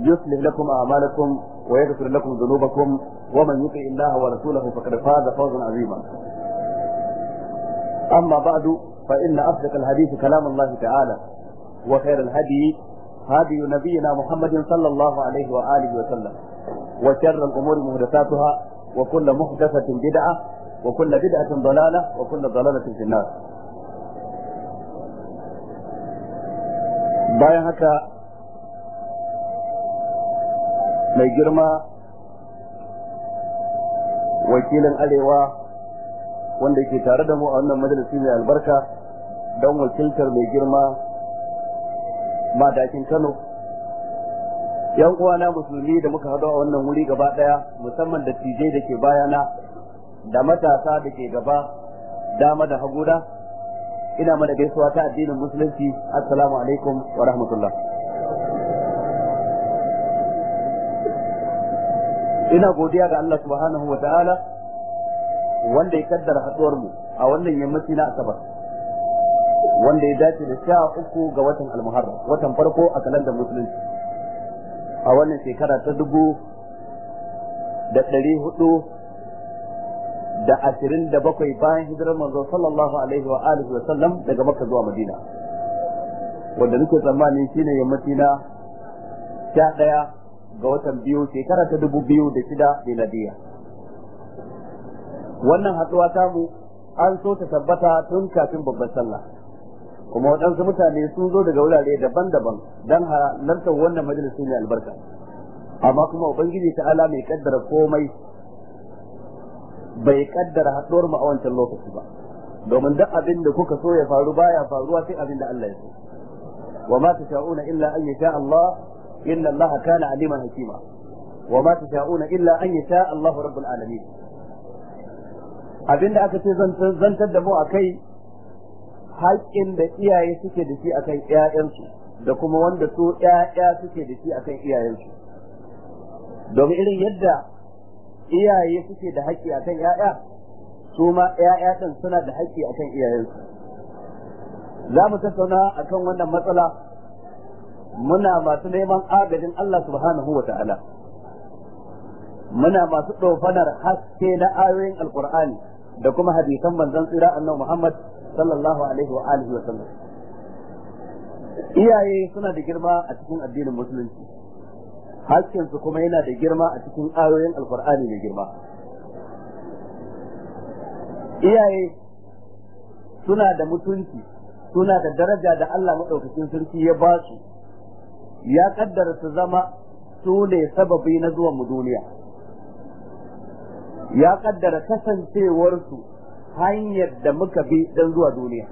يصلح لكم أعمالكم ويغفر لكم ذنوبكم ومن يطع الله ورسوله فقد فاز فوزا عظيما أما بعد فإن أصدق الحديث كلام الله تعالى وخير الهدي هدي نبينا محمد صلى الله عليه وآله وسلم وشر الأمور محدثاتها وكل محدثة بدعة وكل بدعة ضلالة وكل ضلالة في النار bayan mai girma wakilin arewa wanda ke tare da mu a wannan majalisi mai albarka don wakiltar mai girma madakin kano yan uwana musulmi da muka hado a wannan wuri gaba daya musamman da tije da ke bayana da matasa da ke gaba dama da haguda ina mana gaisuwa ta addinin musulunci assalamu alaikum wa rahmatullah ina godiya ga Allah subhanahu wa ta'ala wanda ya kaddara haduwar mu a wannan yammaci na asabar wanda ya dace da sha uku ga watan almuharram watan farko a kalandar musulunci a wannan shekara ta dubu da ɗari hudu da ashirin da bakwai bayan hijirar manzo sallallahu alaihi wa alihi wa sallam daga makka zuwa madina wanda nake tsammanin shine yammaci na sha ɗaya ga watan biyu shekara ta dubu biyu da shida miladiya wannan haɗuwa tamu an so ta tabbata tun kafin babban sallah kuma waɗansu mutane sun zo daga wurare daban-daban don halartar wannan majalisu ne albarka amma kuma ubangiji ta ala mai kaddara komai bai kaddara haɗuwar mu a wancan lokaci ba domin duk abin da kuka so ya faru baya faruwa sai abin da Allah ya so wa ma tasha'una illa an yasha Allah inna allaha kana aliman hakima wa ma tasha'una illa an yasha Allahu rabbul alamin abinda aka ce zantar da mu akai haƙƙin da iyaye suke da shi akan 'ya'yansu da kuma wanda su 'ya'ya suke da shi akan iyayensu domin irin yadda iyaye suke da haƙƙi akan 'ya'ya, su ma 'ya'ya din suna da haƙƙi akan iyayensu za mu tattauna akan wannan matsala muna masu neman agajin Allah subhanahu wa ta'ala muna masu ɗofanar haske na ayoyin Alƙur'ani da kuma hadisan manzon tsira annan Muhammad sallallahu alaihi wa alihi wa sallam iyaye suna da girma a cikin addinin musulunci haskensu kuma yana da girma a cikin ayoyin Alƙur'ani mai girma iyaye suna da mutunci suna da daraja da Allah maɗaukacin sarki ya ba su ya kaddara su zama su ne sababi na zuwan mu duniya ya kaddara kasancewarsu hanyar da muka bi don zuwa duniya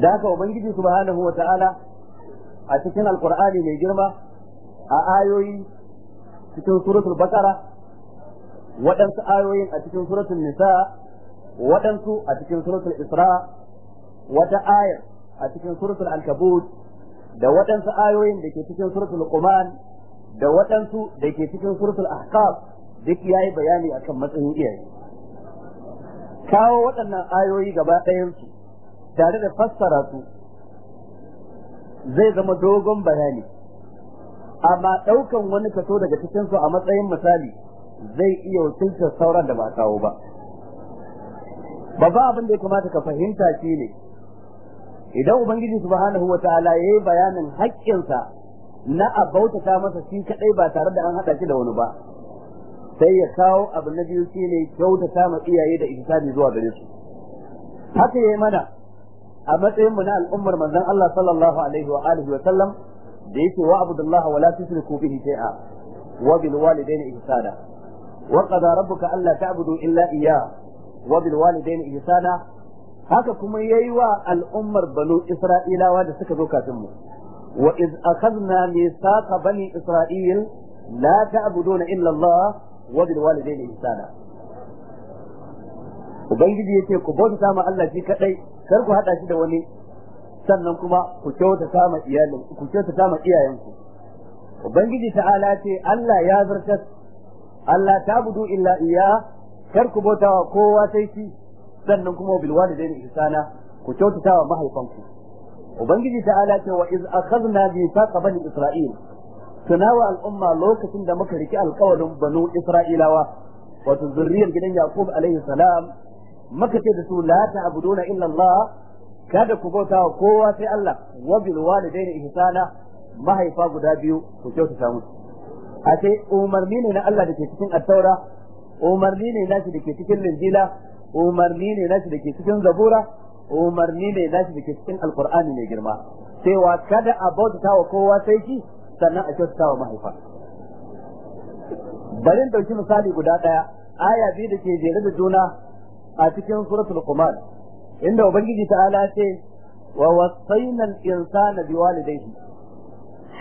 da haka ubangiji subhanahu wa ta'ala a cikin alkur'ani mai girma a ayoyi cikin suratul bakara waɗansu ayoyin a cikin suratul nisa waɗansu a cikin suratul isra wata ayar a cikin suratul ankabut da waɗansu ayoyin da ke cikin suratul Quman da waɗansu da ke cikin suratul Ahqaf duk yayi bayani akan matsayin iyaye kawo waɗannan ayoyi gaba ɗayansu tare da fassara su zai zama dogon bayani amma ɗaukan wani kaso daga cikinsu a matsayin misali zai iya wucinta sauran da ba kawo ba babba abin da ya kamata ka fahimta shi ne idan ubangiji subhanahu wataala yayi bayanin sa na a bautata masa shi kadai ba tare da an hada shi da wani ba sai ya kawo abu na biyu shine kyautata ma iyaye da ihsani zuwa gare su haka yayi mana a matsayin mu na al'ummar manzon Allah sallallahu alaihi wa alihi wa sallam da yake wa abdullahi wa tusriku bihi shay'a wa bil walidayni ihsana wa qada rabbuka alla ta'budu illa iyyah wa bil walidayni ihsana haka kuma ya yi wa al'ummar banu isra'ilawa da suka zo kafin mu wa iz akhadna mithaqa bani isra'il la ta'buduna illa Allah wa bil walidayni ihsana ubangiji yace ku bauta ma Allah shi kadai kar ku hada shi da wani sannan kuma ku kyauta ma iyalin ku ma iyayenku ubangiji ta'ala ce Allah ya zartar Allah ta illa iya kar ku bautawa kowa sai shi sannan kuma bil walidaini ihsana ku kyautata wa mahaifanku ubangiji ta'ala ce wa iz akhadna bi taqa bani isra'il tunawa al'umma lokacin da muka riki alƙawarin banu isra'ilawa wato zurriyar gidan yaqub alaihi salam muka ce da su la ta'buduna illa allah kada ku bauta wa kowa sai allah wa bil walidaini ihsana mahaifa guda biyu ku kyautata musu a ce umarni ne na Allah da ke cikin attaura umarni ne nashi da ke cikin linjila umarni ne nashi da ke cikin zabura umarni ne nashi da ke cikin alqur'ani mai girma cewa kada a bauta wa kowa sai shi sannan a kyautata wa mahaifa Barin in dauki misali guda daya aya biyu da ke jere da juna a cikin suratul qumar inda ubangiji ta'ala ce wa wasayna al-insana biwalidayhi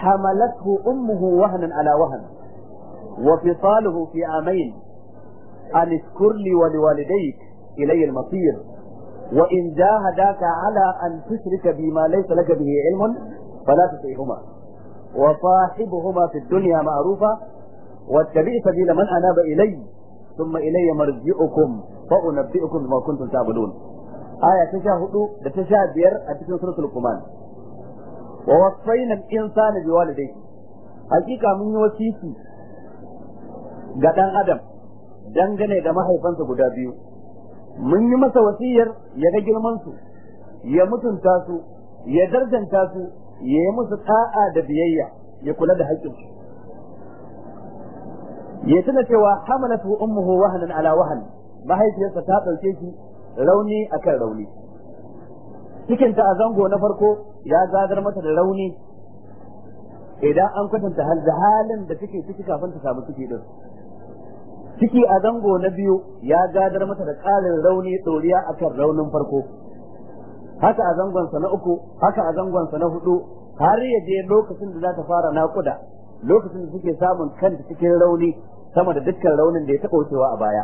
hamalathu ummuhu wahnan ala wahn wa fisaluhu fi amayn an iskur li wa إلي المصير وإن جاهداك على أن تشرك بما ليس لك به علم فلا تطيعهما وصاحبهما في الدنيا معروفا واتبع سبيل من أناب إلي ثم إلي مرجعكم فأنبئكم بما كنتم تعملون آية تشاهد تشاهدير أتكلم سورة القمان ووصينا الإنسان بوالديه حقيقة من وسيسي قدان أدم dangane da mahaifansa guda biyu mun yi masa wasiyar ya ga girman su ya mutunta su ya darjanta su ya yi musu ta'a da biyayya ya kula da haƙƙin su ya tuna cewa hamalatu ummuhu wahanan ala wahan mahaifiyarsa ta ɗauke shi rauni akan rauni cikinta a zango na farko ya zazar mata da rauni idan an kwatanta hal halin da take ciki kafin ta samu ciki din ciki a zango na biyu ya gadar mata da ƙarin rauni ɗoriya akan raunin farko haka a zangonsa na uku haka a zangonsa na hudu har ya je lokacin da za ta fara naƙuda lokacin da suke samun kanta cikin rauni sama da dukkan raunin da ya taɓa wucewa a baya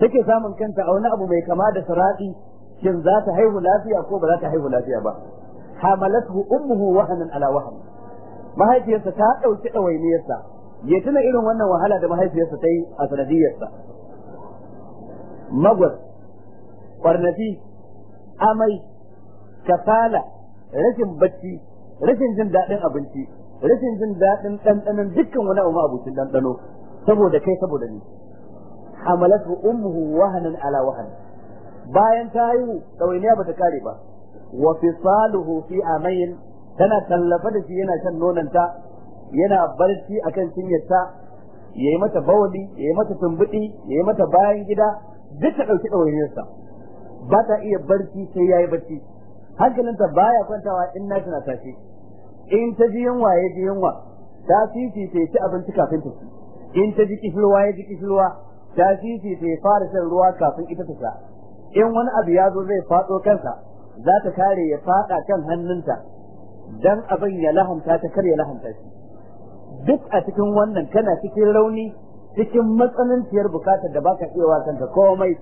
take samun kanta a wani abu mai kama da sarati shin za ta haihu lafiya ko ba za ta haihu lafiya ba hamalatu ummuhu wahanan ala wahan mahaifiyarsa ta ɗauki ɗawainiyarsa ya tuna irin wannan wahala da mahaifiyarsa ta yi a sanadiyarsa magwas ƙwarnafi, amai kasala rashin bacci rashin jin daɗin abinci rashin jin daɗin ɗanɗanon dukkan wani abu abincin ɗanɗano saboda kai saboda ni wa ummuhu wahanan ala wahan bayan ta haihu ɗawainiya bata kare ba wa fisaluhu fi amayin tana tallafa da shi yana shan nonanta yana barci akan cinyarta yi mata bawali yi mata tumbuɗi yi mata bayan gida duk ta ɗauki ɗawainiyarsa ba ta iya barci sai yayi barci hankalinta baya kwantawa in na tana tashi in ta ji yunwa ya ji yunwa ta fifi ta ci abinci kafin ta ci in ta ji kishirwa ya ji kishirwa ta fifi ta fara shan ruwa kafin ita ta sha in wani abu ya zo zai faɗo kansa za ta kare ya faɗa kan hannunta dan abin ya lahanta ta kar ya lahanta shi duk a cikin wannan kana cikin rauni cikin matsananciyar bukatar da baka cewa kanka komai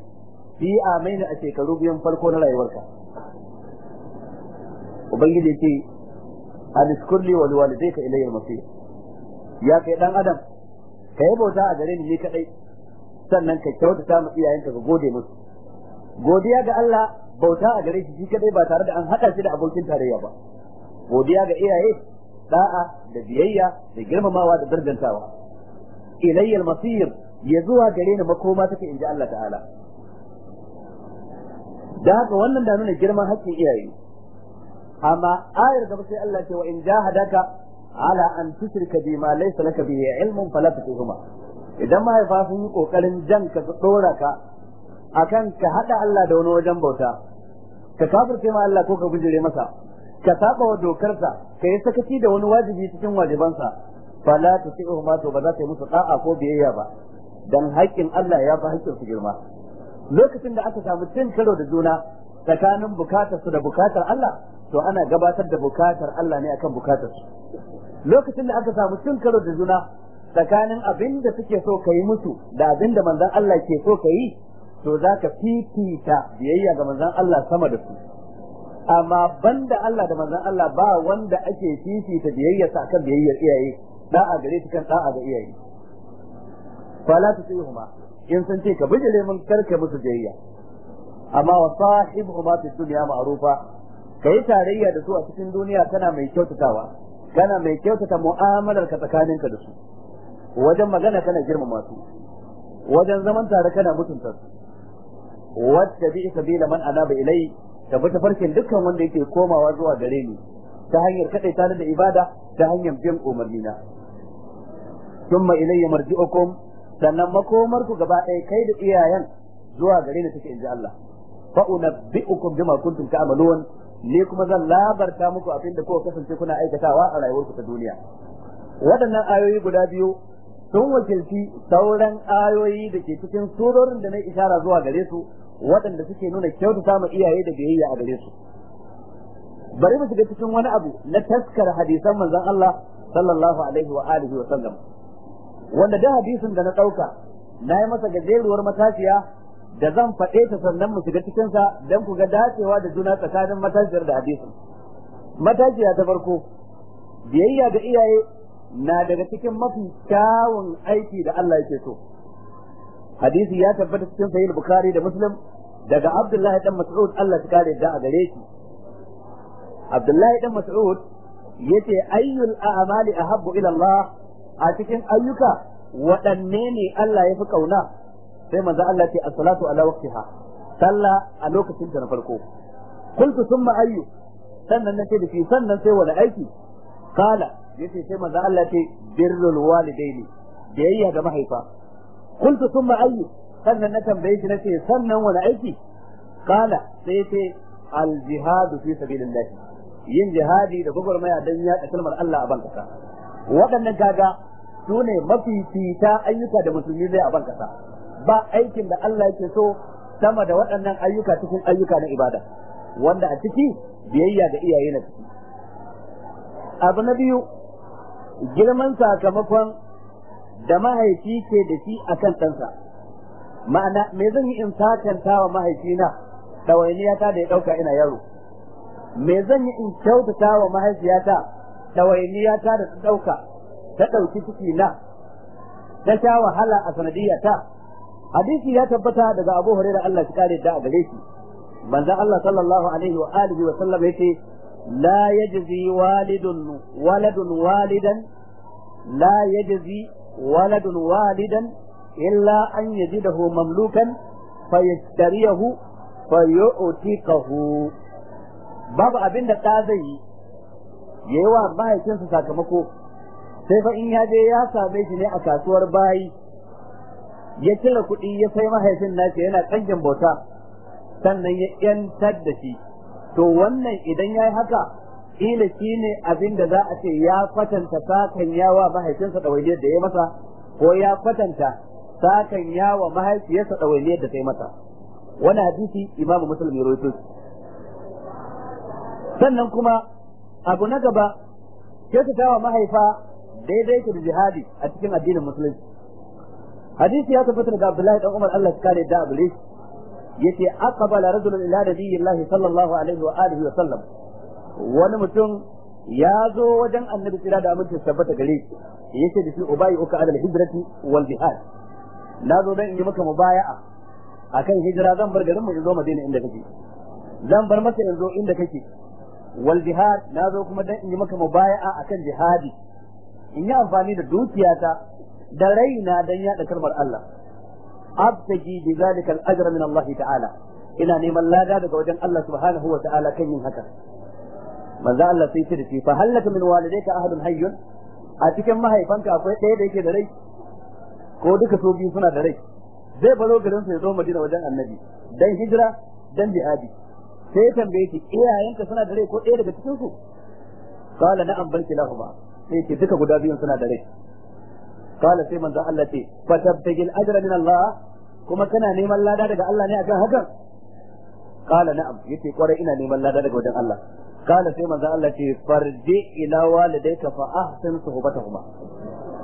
yi amaina a shekaru biyan farko na rayuwarka ubangiji ce aliskulli wani walidayka ka al-masir ya kai dan adam ka yi bauta a gare ni ne kadai sannan ka ta ma iyayenka ka gode musu godiya ga Allah bauta a gare shi shi kadai ba tare da an haɗa shi da abokin tarayya ba godiya ga iyaye da'a da biyayya da girmamawa da darjantawa ilayya al-masir ya zuwa gare ni makoma take inji Allah ta'ala da haka wannan da nuna girman haƙƙin iyaye amma ayar da sai Allah ce wa in jahadaka ala an tushrika bi ma laysa laka bihi ilmun fala tutuhuma idan mahaifa sun yi kokarin jan ka su dora ka akan ka hada Allah da wani wajen bauta ka kafirce ma Allah ko ka gujire masa ka saba wa dokarsa ka yi sakaci da wani wajibi cikin wajibansa ta tusi'u ma to ba za ta yi musu da'a ko biyayya ba dan haƙƙin Allah ya fi haƙƙin su girma lokacin da aka samu cin karo da juna tsakanin bukatar su da bukatar Allah to ana gabatar da bukatar Allah ne akan bukatar su lokacin da aka samu cin karo da juna tsakanin abin da suke so ka yi musu da abin da manzon Allah ke so ka yi to za ka fifita biyayya ga manzon Allah sama da su amma banda Allah da manzon Allah ba wanda ake fifita biyayyarsa akan biyayyar iyaye da'a gare shi kan da'a ga iyaye fala tusihuma in san ce ka bijire mun karka musu biyayya amma wa sahibuhuma fi dunya ma'rufa kai tarayya da su a cikin duniya kana mai kyautatawa kana mai kyautata mu'amalar ka tsakaninka da su wajen magana kana girmama su wajen zaman tare kana mutunta su wacce bi sabila man anaba ilai tabbata farkin dukkan wanda yake komawa zuwa gare ni ta hanyar kadai tare da ibada ta hanyar bin umarnina thumma ilayya marji'ukum sannan makomar ku gaba ɗaya kai da iyayen zuwa gare ni take inji Allah fa unabbi'ukum bima kuntum ta'malun ne kuma zan labarta muku abin da kuka kasance kuna aikatawa a rayuwarku ta duniya waɗannan ayoyi guda biyu sun wakilci sauran ayoyi da ke cikin surorin da na ishara zuwa gare su waɗanda suke nuna kyautu samun iyaye da biyayya a gare su bari mu shiga cikin wani abu na taskar hadisan manzon Allah sallallahu alaihi wa alihi wa sallam wanda da hadisin da na ɗauka na yi masa gajeruwar matashiya da zan faɗe ta sannan mu shiga cikin sa dan ku ga dacewa da juna tsakanin matashiyar da hadisin matashiya ta farko biyayya ga iyaye na daga cikin mafi kyawun aiki da Allah yake so hadisi ya tabbata cikin sahih bukhari da muslim daga abdullahi dan mas'ud Allah ya kare da a gare shi abdullahi dan mas'ud yace ayyul a'mali ahabbu ila Allah a cikin ayyuka waɗanne ne Allah ya fi kauna sai manzo Allah ce as-salatu ala waqtiha sallah a lokacin na farko kuntu thumma ayyu sannan nace da shi sannan sai wani aiki kala yace sai manzo Allah ce birrul walidaini biyayya ga mahaifa kuntu thumma ayyu sannan na tambaye shi nace sannan wani aiki kala sai yace al jihadu fi sabilillah yin jihadi da gwagwarmaya dan yaɗa kalmar Allah a ban kasa waɗannan kaga su ne mafifita ayyuka da musulmi zai a ban ba aikin da Allah yake so sama da waɗannan ayyuka cikin ayyuka na ibada wanda a ciki biyayya ga iyaye na ciki abu na biyu girman sakamakon da mahaifi ke da shi a kan ɗansa ma'ana me zan yi in sakanta wa mahaifina ɗawainiyata da ya ɗauka ina yaro me zan yi in kyautata wa mahaifiyata ɗawainiyata da ta ɗauka ta ɗauki ciki na ta sha wahala a sanadiyata hadisi ya tabbata daga abu hurairah Allah shi kare da a gare shi manzon Allah sallallahu alaihi wa alihi wa sallam yace لا يجزي والد ولد yaji لا يجزي ولد والدا إلا أن يجده مملوكا فيشتريه فيؤتيكه babu abin da ɗa zai yi ya yi wa mahaifinsa sakamako sai fa in yaje ya same shi ne a kasuwar bayi ya cire kuɗi ya sai mahaifin nashi yana ƙangin bauta sannan ya 'yantar da shi to wannan idan yayi haka kila shine abin da za a ce ya kwatanta sakan yawa mahaifinsa ɗawainiyar da ya masa ko ya kwatanta sakan yawa mahaifiyarsa ɗawainiyar da ta yi masa wani hadisi imamu Musulmi ya rawaito sannan kuma abu na gaba kyautatawa mahaifa daidai da jihadi a cikin addinin musulunci hadisi ya tabbatar da Abdullahi dan Umar Allah ya kare da Abdullahi yace aqbala rajulun ila nabiyyillahi sallallahu alaihi wa alihi wa sallam wani mutum ya zo wajen annabi tsira da aminci tabbata gare shi yace da shi ubayi uka adal hijrati wal jihad na zo dan yi maka mubaya'a akan hijira zan bar garin mu in zo madina inda kake zan bar maka yanzu inda kake wal jihad na zo kuma dan in yi maka mubaya'a akan jihadi in yi amfani da dukiyata da raina dan yada kalmar Allah abtaji bi zalika al-ajra min Allah ta'ala ina neman lada daga wajen Allah subhanahu wa ta'ala kan yin haka manzo Allah sai ce da shi fa halaka min walidayka ahadun hayyun a cikin mahaifanka akwai ɗaya da yake da rai ko duka so biyu suna da rai zai baro garin sa ya zo Madina wajen Annabi dan hijira dan jihadi sai ya tambaye shi iyayenka suna da rai ko ɗaya daga cikin su qala na'am bal kilahuma sai ce duka guda biyun suna da rai qala sai manzon Allah ce fatabtagil ajra min Allah kuma kana neman lada daga Allah ne akan hakan qala na'am yace kwarai ina neman lada daga wajen Allah qala sai manzon Allah ce farji ila walidayka fa ahsin suhbatahuma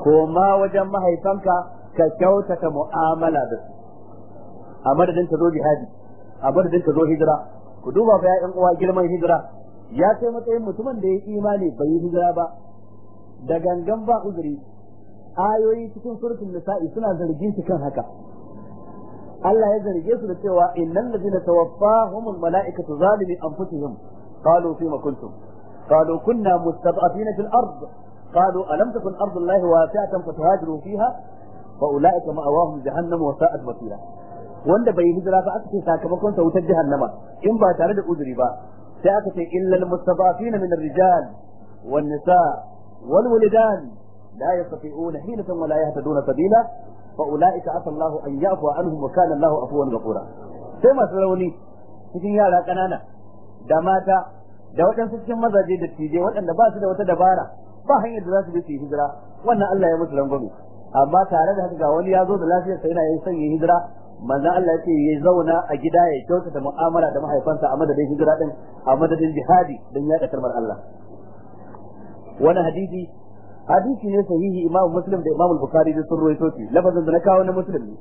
koma wajen mahaifanka ka kyautata mu'amala da su a ta zo jihadi a madadin ta zo hijira ku duba fa ya'yan uwa girman hijira ya kai matsayin mutumin da ya imani bai yi hijira ba da gangan ba uzuri ayoyi cikin suratul nisa'i suna zargin shi kan haka Allah ya zarge su da cewa innal ladina tawaffahumul mala'ikatu zalimi anfusihim qalu fima kuntum qalu kunna mustad'afina fil ard qalu alam takun ardullahi wasi'atan fatuhajiru fiha fa ulaika ma'awahum jahannam wa sa'at masira wanda bai hijira ba aka ce sakamakon sa wutar jahannama in ba tare da uzuri ba sai aka ce illal mustad'afina min ar-rijal wan nisa wal wuldan لا يستطيعون حيلة ولا يهتدون سبيلا فأولئك عسى الله أن يعفو عنهم وكان الله عفوا غفورا sai masu rauni cikin yara ƙanana da mata da waɗansu cikin mazaje da tije waɗanda ba su da wata dabara ba hanyar da za su bi su hijira wannan Allah ya musu rangwame amma tare da haka ga wani ya zo da lafiyar sa yana yin son yin hijira manzon Allah ya ce ya zauna a gida ya kyautata mu'amala da mahaifansa a madadin hijira din a madadin jihadi don yaɗa kalmar Allah wani hadisi hadisi ne sahihi imamu muslim da imamu bukhari da sun ruwaito shi lafazin da na kawo na muslim ne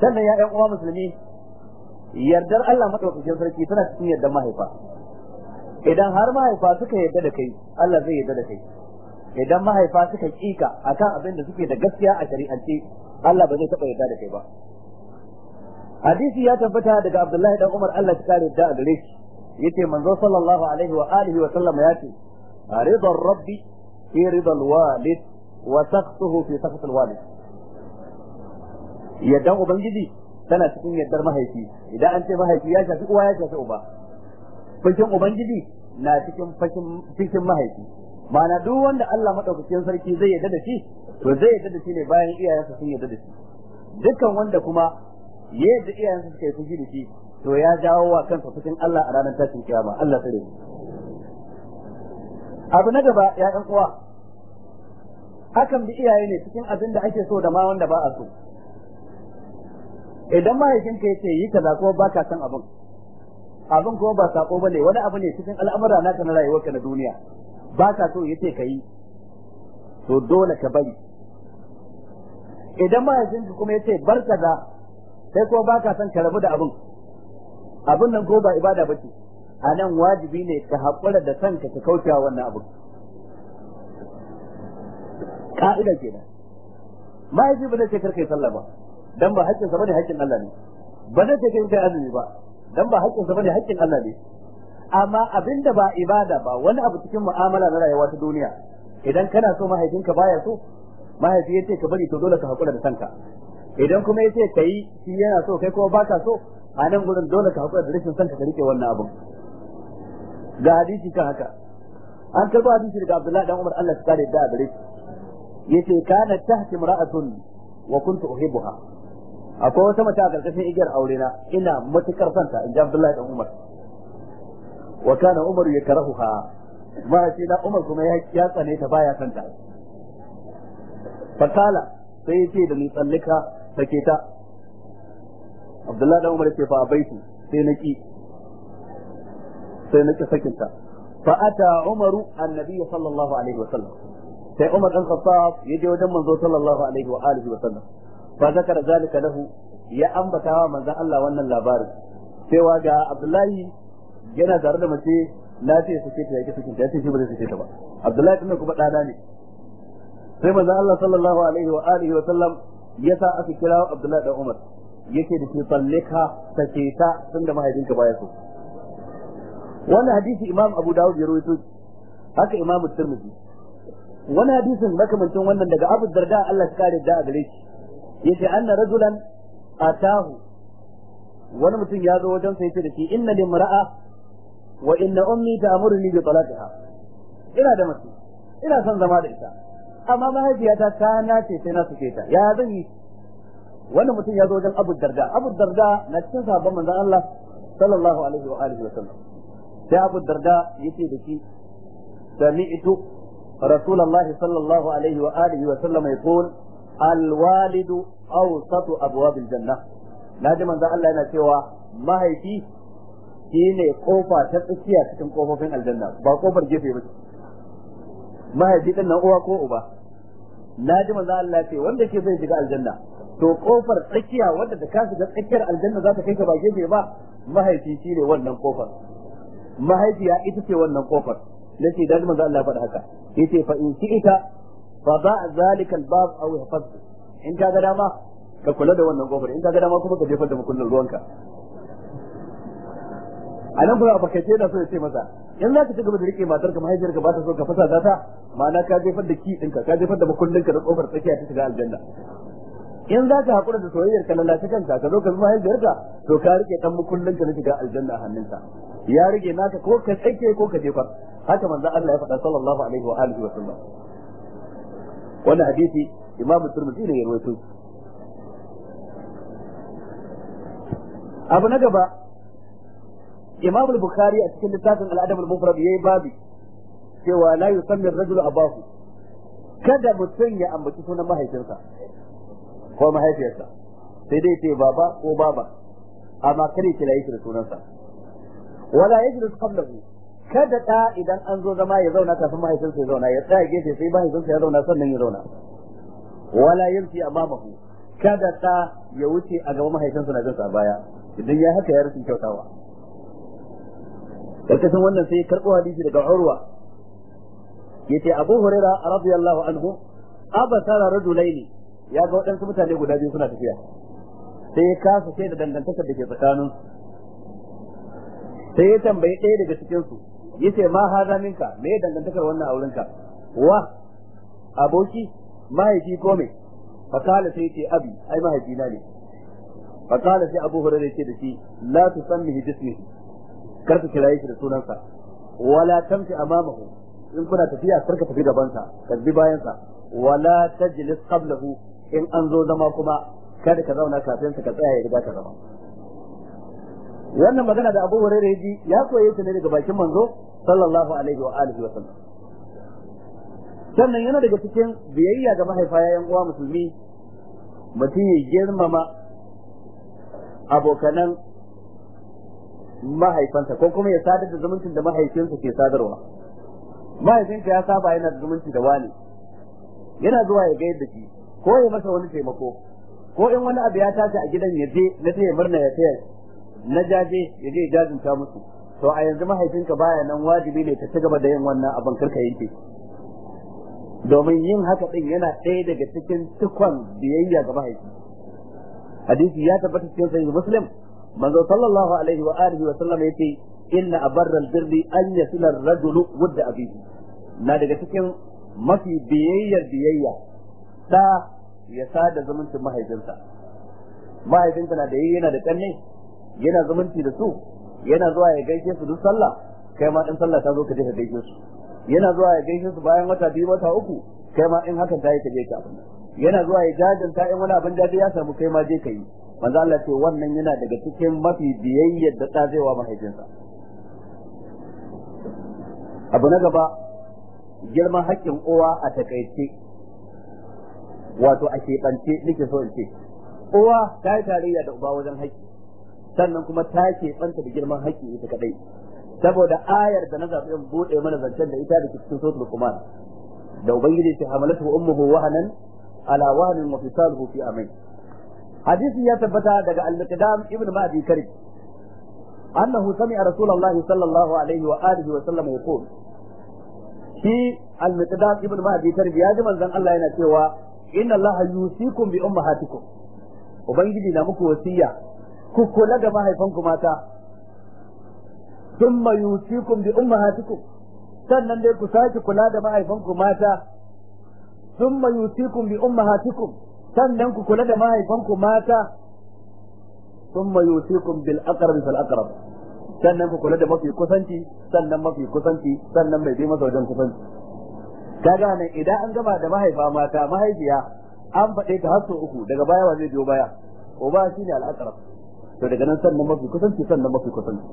sannan ya ƴan uwa musulmi yardar Allah madaukakin sarki tana cikin yardar mahaifa idan har mahaifa suka yarda da kai Allah zai yarda da kai idan mahaifa suka kika akan abin da suke da gaskiya a shari'ance Allah ba zai taɓa yarda da kai ba hadisi ya tabbata daga Abdullahi dan Umar Allah ya kare da gare shi yace manzo sallallahu alaihi wa alihi wa sallam ya ce ridar rabbi في رضا الوالد وسخطه في سخط الوالد يدعو بنجدي tana cikin yaddar mahaifi idan an ce mahaifi ya shafi uwa ya shafi uba fashin ubangiji na cikin fashin mahaifi Mana duk wanda Allah madaukakin sarki zai yarda da shi to zai yarda da shi ne bayan iyayensa sun yarda da shi dukkan wanda kuma yadda iyayensa suka yi fushi da shi to ya jawo wa kansa fushin Allah a ranar tashin kiyama Allah tare abu na gaba ya ɗan uwa hakan bi iyaye ne cikin abin da ake so da ma wanda ba a so idan mahaifinka ce yi kaza kuma baka san abin abin kuma ba sako bane wani abu ne cikin al'amura naka na rayuwarka na duniya baka so yace kai to dole ka bari idan mahaifinka kuma yace bar kaza sai kuma baka san ka rabu da abin abin nan ko ba ibada bace a nan wajibi ne ka haƙura da kanka ka kauce wannan abu ka'ida kenan mahaifi ba zai ce karka yi sallah ba dan ba haƙƙinsa bane haƙƙin Allah ne ba zai ce kai azumi ba dan ba haƙƙinsa bane haƙƙin Allah ne amma abinda ba ibada ba wani abu cikin mu'amala na rayuwa ta duniya idan kana so mahaifinka baya so mahaifi ya ce ka bari to dole ka haƙura da kanka idan kuma ya ce ka yi shi yana so kai kuma baka so a nan gurin dole ka haƙura da rashin sanka ka rike wannan abin ga hadisi kan haka an karɓo hadisi daga Abdullahi dan Umar Allah ya kare da gare shi yace kana tahti mura'atun wa kuntu buha akwai wata mace a ƙarƙashin igiyar aure na ina matuƙar santa in ji Abdullahi dan Umar wa kana Umar yakrahuha ma ce da Umar kuma ya tsane ta baya santa Fatala sai ya ce da nutsallika ta sake ta Abdullahi dan Umar ya ce fa baitu sai na ki sai na sakin ta fa ata umaru annabi sallallahu alaihi wasallam sai umar dan khattab ya je wajen manzo sallallahu alaihi wa alihi wasallam fa zakara zalika lahu ya ambata wa manzon Allah wannan labarin cewa ga Abdullahi yana tare da mace lafiya ce ta yake suke ta yace shi ba zai ce ta ba Abdullahi din kuma dana ne sai manzon Allah sallallahu alaihi wa alihi wasallam ya sa aka kira Abdullahi da Umar yake da shi sallika sake ta tunda mahaifinka baya so wannan hadisi imam abu dawud ya rawaito haka imam tirmidhi wannan hadisin makamancin wannan daga abu darda Allah ya kare da gare shi yace anna rajulan atahu wani mutum ya zo wajen sai da shi inna limra'a wa inna ummi ta'muruni bi talaqiha ina da mace ina son zama da ita amma mahaifiyata ta nace sai na suke ta ya zan yi wannan mutum ya zo wajen abu darda abu darda na cikin sahabban manzon Allah sallallahu alaihi wa alihi wa sallam sai abu darda yace da shi sami'tu rasulullahi sallallahu alaihi wa alihi wa sallam yaqul alwalidu awsatu abwabil janna naji manzo Allah yana cewa mahaifi shine kofa ta tsakiya cikin kofofin aljanna ba kofar gefe ba mahaifi din uwa ko uba naji manzo Allah ce wanda ke zai shiga aljanna to kofar tsakiya wanda da ka shiga tsakiyar aljanna za ta kai ka ba gefe ba mahaifi shine wannan kofar mahaifiya ita ce wannan kofar ce dan manzo Allah faɗa haka yace fa in shi'ita fa ba zalika al-bab aw yafad in ka ga dama ka kula da wannan kofar in ka ga dama kuma ka jefar da mukullin ruwanka a nan kuma ka ce da so ya ce masa in za ka ci gaba da rike matar ka mahaifiyar ka ba ta so ka fasa ta ma'ana ka jefar da ki ɗinka ka jefar da mukullin ka da kofar tsakiya ta shiga aljanna in za ka haƙura da soyayyar ka lallashi kanka ka zo ka bi mahaifiyarka to ka rike dan mukullin ka na shiga aljanna a hannunka ya rike naka ko ka tsake ko ka jefa haka manzon Allah ya faɗa sallallahu alaihi wa alihi wa sallam wannan hadisi Imam Tirmidhi ne ya rawaito abu na gaba Imam Bukhari a cikin littafin al-Adab al-Mufrad yayi babi cewa la yusammi ar-rajulu abahu kada mutum ya ambaci sunan mahaifinsa ko mahaifiyarsa sai dai ce baba ko baba amma kare kira yake da sunansa wala yajlis qablahu kada ta idan an zo zama ya zauna kafin mahaifinsa ya zauna ya tsaya gefe sai mahaifinsa ya zauna sannan ya zauna wala yamshi amamahu kada ta ya wuce a gaban mahaifinsa na jinsa a baya idan ya haka ya rasu kyautawa karkashin wannan sai karɓo hadisi daga urwa yace abu huraira radiyallahu anhu abasara rajulaini ya ga waɗansu mutane guda biyu suna tafiya sai ya kasa sai da dangantakar da ke tsakanin sai ya tambayi ɗaya daga cikin su sai ma haza minka me ya dangantakar wannan aurenka wa aboki mahaifi ko me fakala sai ce abi ai mahaifi na ne fakala sai abu hurairah ke da shi la tusammihi bismihi kar ka kira shi da sunansa wala a amamahu in kuna tafiya kar tafi gabansa ka bi bayansa wala tajlis qablahu in an zo zama kuma kada ka zauna kafin ka tsaya ya riga ka zama wannan magana da Abu Hurairah ji ya koye ta ne daga bakin manzo sallallahu alaihi wa alihi wa sallam sannan yana daga cikin biyayya ga mahaifa yayin uwa musulmi mutum ya girmama abokanan mahaifansa ko kuma ya sadar da zumuncin da mahaifinsa ke sadarwa mahaifinka ya saba yana da zumunci da wani yana zuwa ya ga yadda shi ko ya masa wani taimako ko in wani abu ya tashi a gidan ya je na taya murna ya taya na jaje ya je jajinta musu to a yanzu mahaifinka baya nan wajibi ne ka ci gaba da yin wannan abin karka yanke domin yin haka din yana ɗaya daga cikin cikon biyayya ga mahaifi hadisi ya tabbata cikin sahihi muslim manzo sallallahu alaihi wa alihi wa sallam yace inna abarral birri an yasila ar-rajulu wudda abihi na daga cikin mafi biyayyar biyayya da ya sada zumuncin mahaifinsa mahaifinsa na da yi yana da kanne yana zumunci da su yana zuwa ya gaishe su duk sallah kai ma in sallah ta zo ka je ka gaishe su yana zuwa ya gaishe su bayan wata biyu wata uku kai ma in hakan ta yi ka je ka abin yana zuwa ya jajanta in wani abin da ya samu kai ma je ka yi manzo Allah ce wannan yana daga cikin mafi biyayyar da ta zai wa mahaifinsa abu na gaba girman haƙƙin uwa a takaice wato a keɓance nake so in ce uwa ta yi tarayya da uba wajen haƙƙi sannan kuma ta keɓanta da girman haƙƙi ita kaɗai saboda ayar da na zaɓi in buɗe mana zancen da ita da ke cikin sotul kuma da ubangiji ce hamalatu wa ummuhu wahanan ala wahanin wa fisaluhu fi amai hadisi ya tabbata daga al-qidam ibn ma'di karib annahu sami'a rasulullahi sallallahu alaihi wa alihi wa sallam yaqul shi al-qidam ibn ma'di karib ya ji manzon Allah yana cewa inna allaha yusikum bi ummahatikum ubangiji na muku wasiya ku kula da mahaifanku mata thumma yusikum bi ummahatikum sannan dai ku sake kula da mahaifanku mata thumma yusikum bi ummahatikum sannan ku kula da mahaifanku mata thumma yusikum bil aqrab fal aqrab sannan ku kula da mafi kusanci sannan mafi kusanci sannan mai bi masa wajen kusanci kaga nan idan an gama da mahaifa mata mahaifiya an faɗe ta har uku daga baya wa zai biyo baya uba shine al'aqrab to daga nan sannan mafi kusanci sannan mafi kusanci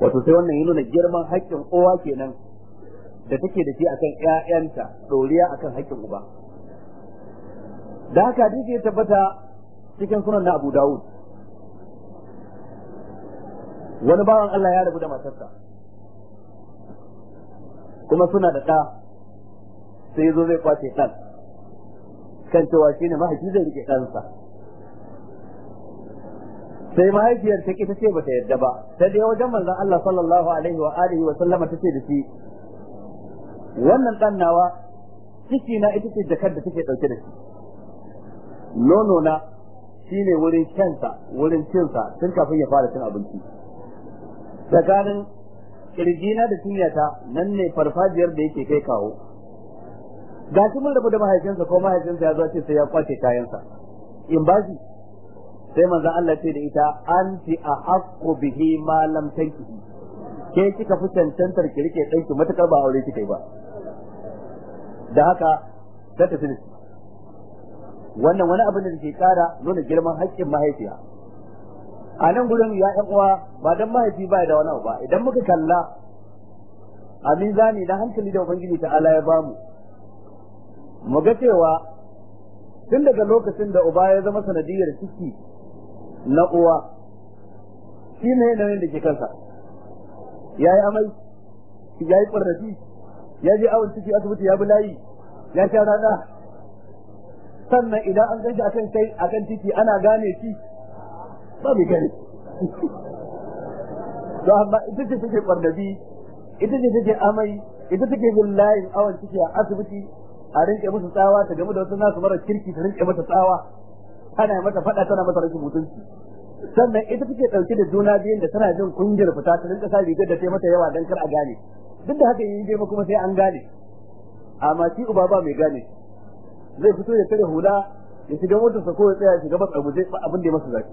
wato sai wannan ya nuna girman haƙƙin uwa kenan da take da shi akan ƴaƴanta doriya akan haƙƙin uba da haka hadisi ya tabbata cikin sunan na Abu Dawud wani bawan Allah ya rabu da matarsa kuma suna da ɗa sai zo zai kwace kan kan cewa shi ne mahaifi zai rike kansa sai mahaifiyar ta ki ta ce bata yadda ba ta dai wajen manzon Allah sallallahu alaihi wa alihi wa sallama ta ce da shi wannan dan nawa ciki na ita ce jakar da take dauke da shi nono na shine wurin kansa wurin cinsa tun kafin ya fara cin abinci tsakanin kirjina da cinyata nan ne farfajiyar da yake kai kawo shi mun rabu da mahaifinsa ko mahaifinsa ya zo ce sai ya kwace kayansa in ba shi sai manzo Allah ce da ita anti ahaqqu bihi ma lam tankihi ke kika fi tantantar ki rike ki matakar ba aure kika yi ba da haka ta tafi wannan wani abin da ke kara nuna girman haƙƙin mahaifiya a nan gurin ya ƴan uwa ba dan mahaifi ba da wani abu ba idan muka kalla a mizani na hankali da ubangiji ta ala ya bamu mu ga cewa tun daga lokacin da uba ya zama sanadiyar ciki na uwa shi ne yanayin da ke kansa ya yi amai ya yi ɓarnafi ya je awon ciki asibiti ya bi layi ya sha rana sannan idan an gaji akan kai akan titi ana gane shi ba mai gani don amma ita ce suke ɓarnafi ita ce suke amai ita suke bin layin awon ciki a asibiti a rinke musu tsawa ta game da wasu nasu mara kirki ta rinke mata tsawa tana mata faɗa tana mata rashin mutunci sannan ita take ɗauke da juna biyun da tana jin kungiyar fita ta rinka sa rigar da ta mata yawa don kar a gane duk da haka yin yi kuma sai an gane amma shi uba ba mai gane zai fito ya tare hula ya shiga motarsa ko ya tsaya shiga masu guje abin da ya masa zaki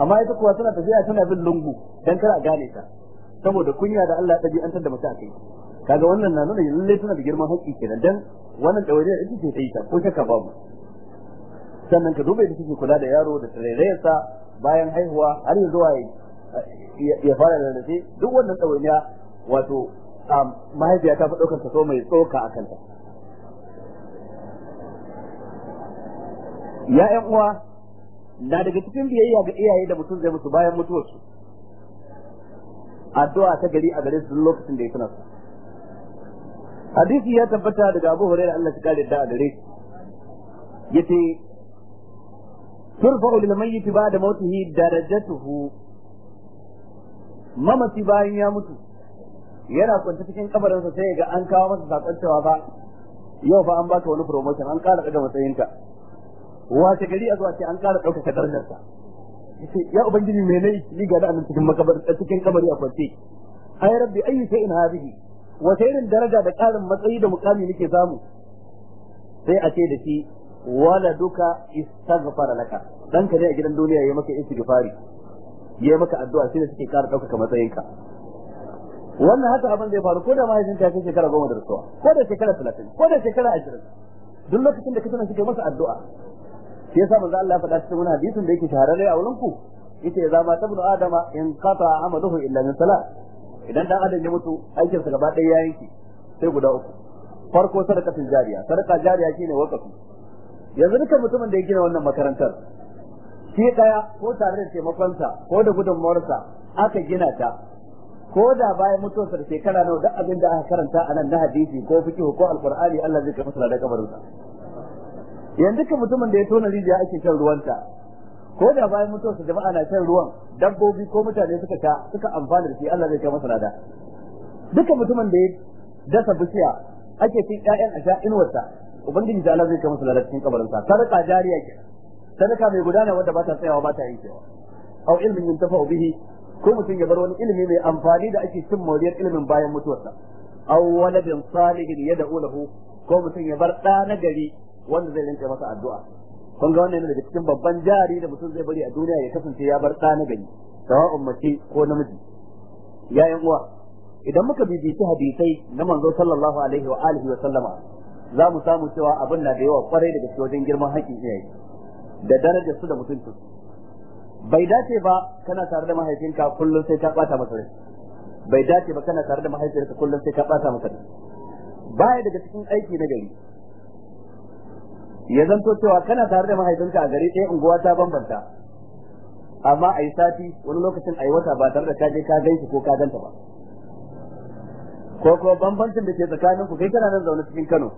amma ita kuwa tana tafiya tana bin lungu don kar a gane ta saboda kunya da Allah ya ɗabi'antar da mace a kai kaga wannan na nuna lallai suna da girman haƙƙi kenan dan wannan ɗawainiyar ita ce ta yi ta ko shakka babu sannan ka duba yadda suke kula da yaro da tsirrayensa bayan haihuwa har ya zuwa ya fara da rarrafe duk wannan ɗawainiya wato um, mahaifiya ta fi ɗaukar so mai tsoka a kanta ya ƴan uwa na daga cikin biyayya ga iyaye da mutum zai mutu bayan mutuwarsu addu'a ta gari a gare su lokacin da ya tuna su hadisi ya tabbata daga Abu Hurairah Allah ya kare da dare yace turfa lil mayyit ba'da mautihi darajatuhu mamaci bayan ya mutu yana kwanta cikin sa sai ga an kawo masa sakon cewa ba yau fa an baka wani promotion an kara daga matsayinka wace gari a zuwa ce an kara ɗaukaka darajarsa ya ubangiji me ni ga da cikin makabar cikin kabari a kwance ay rabbi ayyu shay'in hadhihi wata irin daraja da ƙarin matsayi da mukami nake samu sai a ce da shi wala duka istaghfara laka dan ka ne a gidan duniya yayi maka istighfari yayi maka addu'a da suke ƙara ɗaukaka matsayinka wannan haka abin zai faru ko da mahaifin ta shekara goma da rasuwa ko da shekara talatin ko da shekara ashirin duk lokacin da kitana suke masa addu'a shi yasa manzo Allah ya faɗa cikin wani hadisin da yake shahararre a wurin ku yace za ma tabnu adama in qata amaluhu illa min salat idan dan adam ya mutu aikin sa gaba ɗaya ya yanke sai guda uku farko sadaka sadakatul jariya sadaka jariya shine wakafi yanzu duka mutumin da ya gina wannan makarantar shi daya ko tare da taimakon taimakonsa ko da gudunmawarsa aka gina ta ko da bayan mutuwarsa da shekara nawa duk abin da aka karanta a nan na hadisi ko fiqh ko alqur'ani Allah zai kai masa da kabarinsa yanzu duka mutumin da ya tona rijiya ake kan ruwanta ko da bayan mutuwar su jama'a na shan ruwan dabbobi ko mutane suka sha suka amfana da shi Allah zai kai masa lada mutumin da ya dasa bishiya ake cin ƴaƴan a sha inuwarsa ubangiji da Allah zai kai masa lada cikin sa sadaka jariya ke sadaka mai gudana wanda ba ta tsayawa ba ta yankewa au ilmin yuntafa'u bihi ko mutum ya bar wani ilimi mai amfani da ake cin moriyar ilimin bayan mutuwarsa aw waladin salihin yad'u lahu ko mutum ya bar ɗa na gari wanda zai rinka masa addu'a kun ga wannan daga cikin babban jari da mutum zai bari a duniya ya kasance ya bar tsana na gani sawa'un mace ko namiji ya yi uwa idan muka bibiyi hadisai na manzo sallallahu alaihi wa alihi wa sallama za mu samu cewa abin na da yawa kwarai daga cikin wajen girman haƙƙin iyaye da darajar su da mutuntun. bai dace ba kana tare da mahaifinka kullum sai ka bata masa rai bai dace ba kana tare da mahaifinka kullum sai ka bata masa rai baya daga cikin aiki na gari ya zanto cewa kana tare da mahaifinka a gari ɗaya unguwa ta bambanta amma a yi sati wani lokacin a yi wata ba tare da ka je ka ganshi ko ka ganta ba ko kuma bambancin da ke tsakanin ku kai kana nan zaune cikin Kano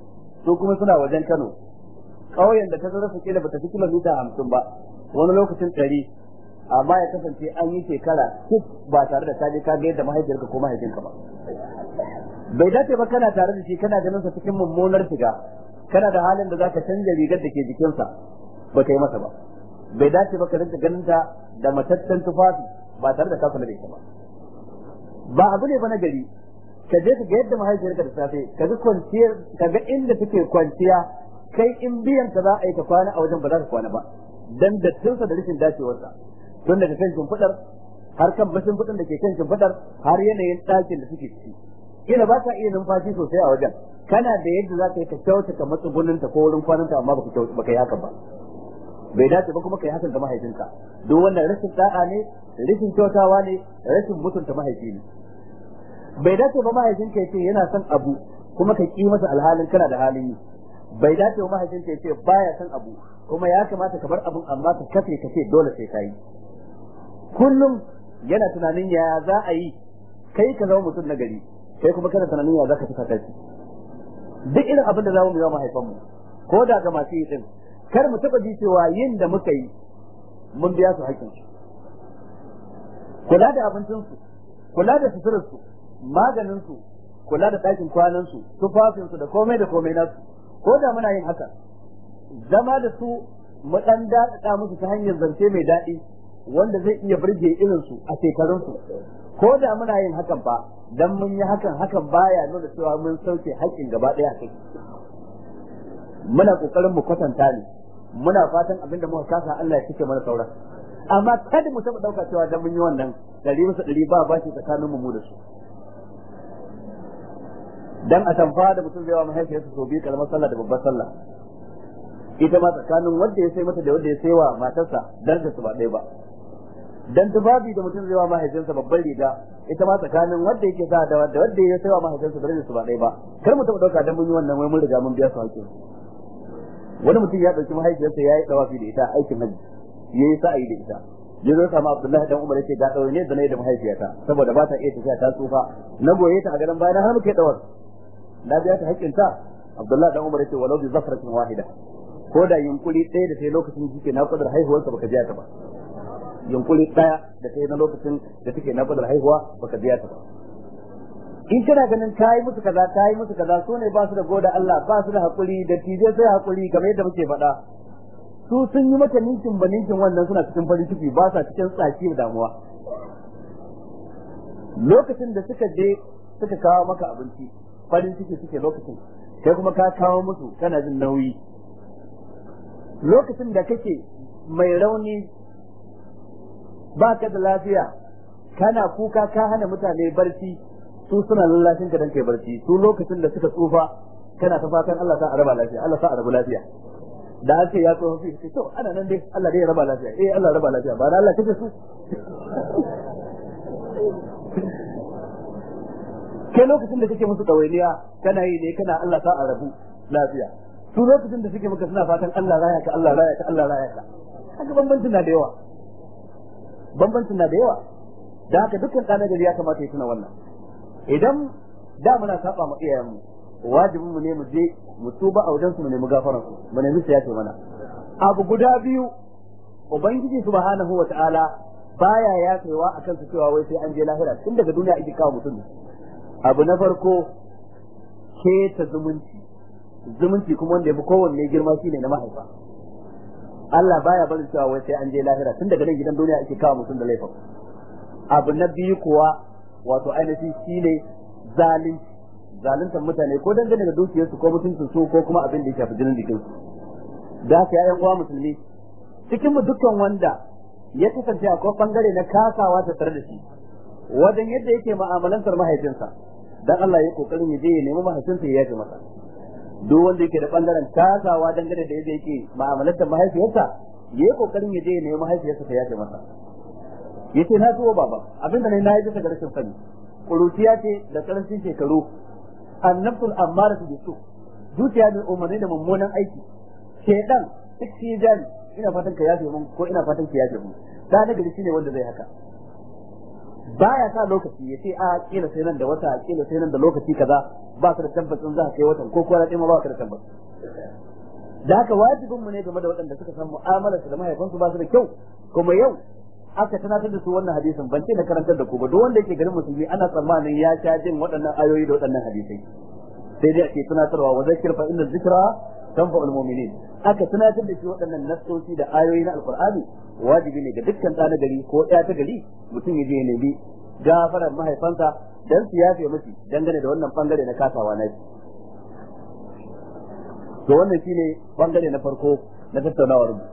su kuma suna wajen Kano ƙauyen da ta zara su kila bata fi kilomita hamsin ba wani lokacin ɗari amma ya kasance an yi shekara kuf ba tare da kaje ka gaida mahaifiyarka ko mahaifinka ba bai dace ba kana tare da shi kana ganin sa cikin mummunar shiga kana da halin da zaka canja rigar da ke jikinsa ba ka yi masa ba bai dace ba ka rinka ganin da matattan tufafi ba tare da ka kula da ita ba ba abu ne ba na gari ka je ka ga yadda mahaifiyarka da safe ka ga kwanciya ka ga inda take kwanciya kai in biyan ka za a yi ka kwana a wajen ba za ka kwana ba dan tunsa da rashin dacewarsa tun daga kan shimfiɗar har kan bashin fudin da ke kan shimfiɗar har yanayin ɗakin da suke ciki kila ba ta iya numfashi sosai a wajen kana da yadda za ka yi ka kyautata ta ko wurin ta amma ba ka yi haka ba bai dace ba kuma yi hakan da mahaifinka duk wannan rashin da'a ne rashin kyautawa ne rashin mutunta mahaifi ne bai dace ba mahaifinka ya ce yana son abu kuma ka ki masa alhalin kana da halin yi bai dace ba mahaifinka ya ce baya son abu kuma ya kamata ka bar abin amma ka kafe ka ce dole sai ka yi kullum yana tunanin ya za a yi kai ka zama mutum na gari sai kuma kana tunanin ya zaka tuka kai duk irin abin da za mu yi wa haifan mu ko da ga masu yi din kar mu taba ji cewa yin da muka yi mun biya su hakkin su kula da abincin su kula da suturar su maganin su kula da ɗakin kwanan su tufafin su da komai da komai nasu ko da muna yin haka zama da su mu dan musu ta hanyar zance mai daɗi wanda zai iya burge irin su a shekarun su ko da muna yin hakan ba dan mun yi hakan hakan baya nuna cewa mun sauke haƙƙin gaba ɗaya kai muna kokarin mu kwatanta ne muna fatan abinda muka kasa Allah ya cike mana sauran amma kada mu taɓa ɗauka cewa dan mun yi wannan dari musu dari ba bashi tsakanin mu da su dan a tamfa da mutum zai wa mahaifiyarsa so biyu kalmar sallah da babbar sallah ita ma tsakanin wanda ya sai mata da wanda ya sai wa matarsa darajar su ba ɗaya ba dan tufafi da mutum zai wa mahaifinsa babban riga ita ma tsakanin wanda yake sa da wanda wanda ya sai wa mahaifinsa bare su ba dai ba kar mu taɓa dauka dan mun yi wannan wai mun riga mun biya su hake wani mutum ya dauki mahaifiyarsa ya yi tawafi da ita aikin haji ya yi sa'ayi da ita ya zo sama Abdullahi dan Umar yace ga dawo ne da nayi da mahaifiyata saboda ba ta iya tafiya ta tsufa na goye ta a garin bayan har muke dawar na biya ta hakkin ta Abdullahi dan Umar yace walau bi zafratin wahida ko da yunkuri ɗaya da sai lokacin jike na kudar haihuwarsa baka biya ta ba yunkuri daya da ta yi na lokacin da take na kudar haihuwa baka biya ta in kana ganin ta yi musu kaza ta yi musu kaza su ne ba su da goda Allah ba su da hakuri da tije sai hakuri game da muke faɗa su sun yi maka ninkin ba ninkin wannan suna cikin farin ciki ba sa cikin tsaki da damuwa lokacin da suka je suka kawo maka abinci farin ciki suke lokacin kai kuma ka kawo musu kana jin nauyi lokacin da kake mai rauni ba ka da lafiya kana kuka ka hana mutane barci su suna lallashin ka dan kai barci su lokacin da suka tsufa kana ta fatan Allah ta araba lafiya Allah ta araba lafiya da ake ya tsofa fi to ana nan dai Allah dai ya raba lafiya eh Allah raba lafiya ba da Allah kace su ke lokacin da kake musu dawainiya kana yi ne kana Allah ta rabu lafiya su lokacin da suke maka suna fatan Allah raya ka Allah raya ka Allah raya ka haka bambancin na da yawa bambancin na da yawa da haka dukkan ɗan gari ya kamata ya tuna wannan idan da muna saba iyayen mu wajibin mu ne mu je mu tuba a wajen su mu nemi gafaran su mu nemi ya ce mana abu guda biyu ubangiji subhanahu wataala baya ya yafewa akan su cewa wai sai an je lahira tun daga duniya ake kawo mutum abu na farko keta zumunci zumunci kuma wanda ya fi kowanne girma shine na mahaifa Allah baya barin cewa wai sai an je lahira tun daga nan gidan duniya ake kawo mutum da laifin abu na biyu kuwa wato ainihin shine zalunci zaluntar mutane ko dangane da dukiyarsu ko mutuncin su ko kuma abin da ya shafi jinin jikinsu da haka ya uwa musulmi cikin mu dukkan wanda ya kasance akwai bangare na kasawa ta tare da shi wajen yadda yake ma'amalantar mahaifinsa dan Allah ya kokarin ya je ya nemi mahaifinsa ya yafe masa duk wanda yake da bangaren tasawa dangane da yadda yake ma'amalantar mahaifiyarsa ya yi kokarin ya je ya nemi mahaifiyarsa ta yaje masa ya ce na tuwo baba abinda ne na yi bisa ga rashin sani kuruciya ce da karancin shekaru annabtul ammara su bisu zuciya da umarni da mummunan aiki Keɗan duk shi ina fatan ka yafe mun ko ina fatan ka yafe mun da na gari shine wanda zai haka baya sa lokaci ya ce a kila sai nan da wata kila sai nan da lokaci kaza ba su da tabbacin za su kai watan ko kwana na ma ba su da tabbacin da haka wajibin mu ne game da waɗanda suka san mu'amala su da su ba su da kyau kuma yau aka tunatar da su wannan hadisin ban ce na karantar da ku ba duk wanda yake garin musulmi ana tsammanin ya ta jin waɗannan ayoyi da waɗannan hadisai sai dai ake tunatarwa wa zakir fa inna zikra tanfa'ul mu'minin aka tunatar da shi waɗannan nassoci da ayoyi na alqur'ani wajibi ne ga dukkan ɗan gari ko ɗaya ta gari mutum ya je ya nemi gafarar mahaifansa dan siyasa yafe miki dangane da wannan bangare na kasawa na shi to wannan shine bangare na farko na tattaunawar mu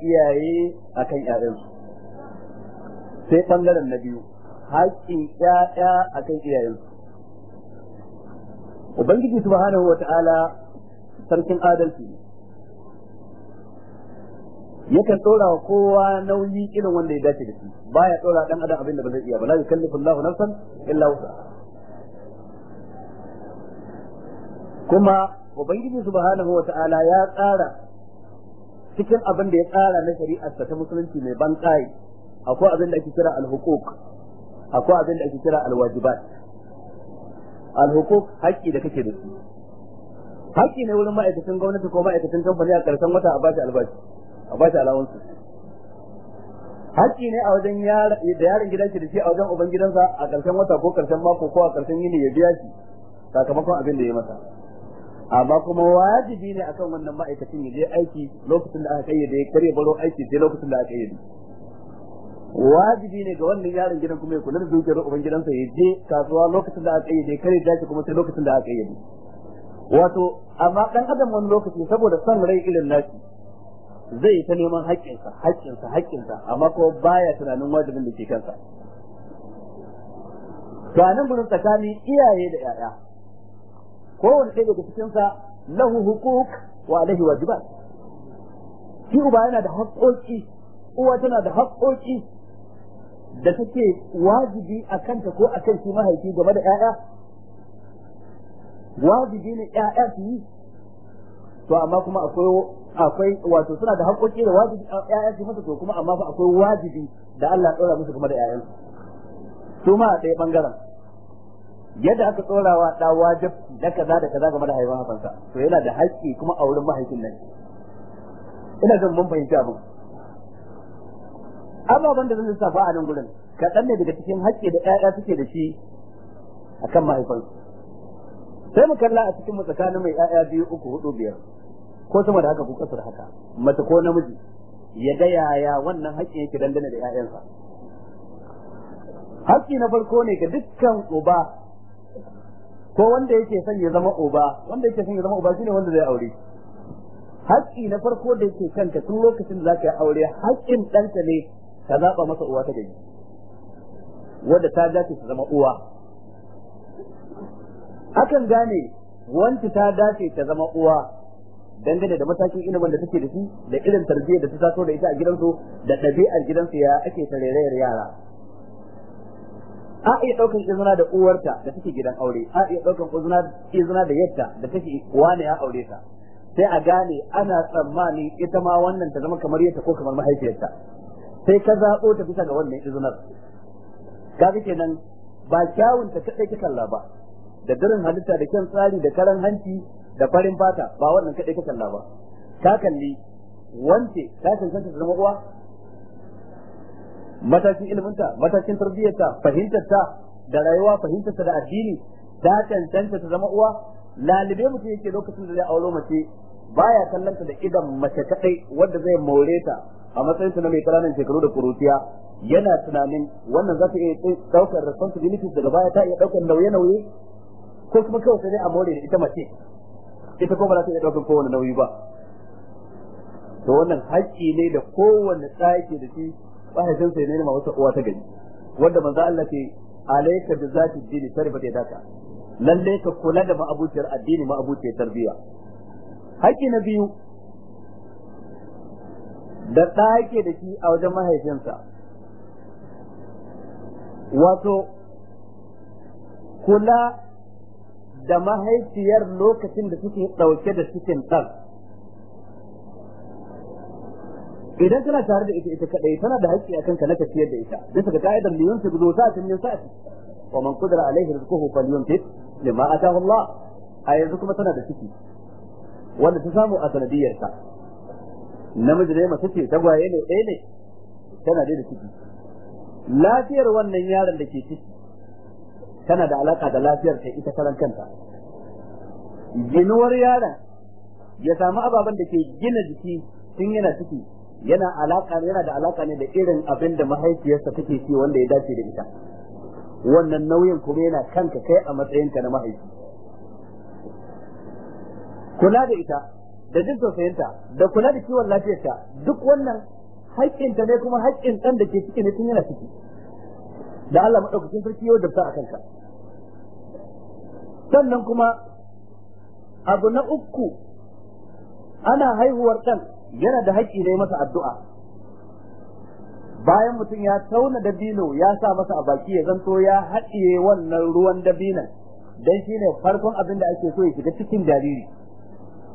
iyaye akan ƴaƴansu sai bangaren na biyu haƙƙin ƴaƴa akan iyayensu ubangiji subhanahu wata'ala sarkin adalci ne yakan tsora wa kowa nauyi irin wanda ya dace da shi baya tsora dan adam abin da ba zai iya ba la yukallifu Allahu nafsan illa wusa kuma ubangiji subhanahu wata'ala ya tsara cikin abin da ya tsara na shari'ar ta musulunci mai ban kai akwai abin da ake kira al-huquq akwai abin da ake kira al-wajibat al-huquq haƙƙi da kake da su haƙƙi ne wurin ma'aikacin gwamnati ko ma'aikacin kamfani a ƙarshen wata a bashi albashi a bashi alawansu haƙƙi ne a wajen da yaron gidan shi da shi a wajen uban gidansa a ƙarshen wata ko ƙarshen mako ko a ƙarshen yini ya biya shi sakamakon abin da ya masa amma kuma wajibi ne akan wannan ma'aikacin ya je aiki lokacin da aka kayyade ya karya baro aiki sai lokacin da aka kayyade wajibi ne ga wannan yaron gidan kuma ya kula da dukiyar uban gidansa ya je kasuwa lokacin da aka kayyade kare dace kuma sai lokacin da aka kayyade wato amma dan adam wani lokaci saboda son rai irin nashi zai ta neman haƙƙinsa haƙƙinsa haƙƙinsa amma ko baya tunanin wajibin da ke kansa ganin gurin tsakanin iyaye da yaya kowane ɗaya daga cikinsa lahu huquq wa alaihi wajibat shi uba yana da haƙƙoƙi uwa tana da haƙƙoƙi da take wajibi a kanta ko a kan shi mahaifi game da 'ya'ya? wajibi ne ƴaƴa su yi to amma kuma akwai akwai wato suna da haƙoƙi da wajibi ƴaƴa su masa to kuma amma fa akwai wajibi da Allah ya tsora musu kuma da ƴaƴan su ma a ɗaya bangaren yadda aka tsora wa ɗa wajib da kaza da kaza game da haihuwa hafansa to yana da haƙƙi kuma a wurin mahaifin nan ina zan mun fahimci abin ababen da zan lissafa a nan gurin kaɗan ne daga cikin haƙƙi da ƴaƴa suke da shi akan mahaifansu sai mu kalla a cikin tsakanin mai ƴaƴa biyu uku hudu biyar ko sama da haka ko kasar haka mace ko namiji ya ga yaya wannan haƙƙin yake dandana da ƴaƴansa haƙƙi na farko ne ga dukkan uba ko wanda yake son ya zama uba wanda yake son ya zama uba shine wanda zai aure haƙƙi na farko da yake kanka tun lokacin da zaka yi aure haƙƙin ɗanka ne ka zaɓa masa uwa ta gari wadda ta dace ta zama uwa akan gane wanda ta dace ta zama uwa dangane da matakin ilimin da take da shi da irin tarbiyyar da ta taso da ita a gidansu da ɗabi'ar gidansu ya ake tarairayar yara a iya ɗaukan izina da uwarta da take gidan aure a iya ɗaukan izina da yadda da take wani ya aure ta sai a gane ana tsammani ita ma wannan ta zama kamar yadda ko kamar mahaifiyarta sai ka zaɓo ta bisa ga wannan izinar kaga kenan ba kyawun ta kaɗai kika kalla ba da garin halitta da kyan tsari da karan hanci da farin fata ba wannan kadai ka kalla ba ka kalli wance ta cancanta ta zama uwa matakin iliminta matakin tarbiyyarta fahimtarta da rayuwa fahimtarta da addini ta cancanta ta zama uwa lalibe mutum yake lokacin da zai auro mace baya kallanta da idan mace kadai wadda zai more ta a matsayin ta na mai karanan shekaru da kuruciya yana tunanin wannan za ta iya daukar responsibilities daga baya ta iya daukar nauye-nauye ko kuma kawai sai a more da ita mace ita kuma ba za ta iya ɗaukar kowane nauyi ba to wannan haƙƙi ne da kowanne ɗaya ke da shi mahaifinsa ya ma wata uwa ta gari wanda manzo Allah ke alayka bi zati dini tarifa da daka lalle ka kula da ma'abuciyar addini ma'abuciyar tarbiyya haƙƙi na biyu da ɗaya ke da shi a wajen mahaifinsa wato kula da mahaifiyar lokacin da suke ɗauke da cikin ɗan idan tana tare da ita ita kadai tana da haƙƙi akan ka na tafiyar da ita bisa ga ka'idar liyun su zo ta tun yasa wa man qadara alaihi rizquhu falyunfiq lima atahu Allah a yanzu kuma tana da ciki wanda ta samu a sanadiyar ta namiji ne mace ce tagwaye ne ɗaya ne tana da ciki lafiyar wannan yaron da ke ciki tana da alaka da lafiyar ta ita karan kanta ginuwar yaron ya samu ababen da ke gina jiki tun yana ciki yana alaka yana da alaka ne da irin abin da mahaifiyarsa take ci wanda ya dace da ita wannan nauyin kuma yana kanka kai a matsayinka na mahaifi kula da ita da jin tausayinta da kula da kiwon lafiyarta duk wannan haƙƙinta ne kuma haƙƙin ɗan da ke ciki ne tun yana ciki da Allah maɗaukakin sarki yau da a kanka sannan kuma abu na uku ana haihuwar ɗan yana da haƙƙi ne masa addu'a bayan mutum ya tauna dabino ya sa masa a baki ya zanto ya haɗiye wannan ruwan dabinan dan shine farkon abin da ake so ya shiga cikin jariri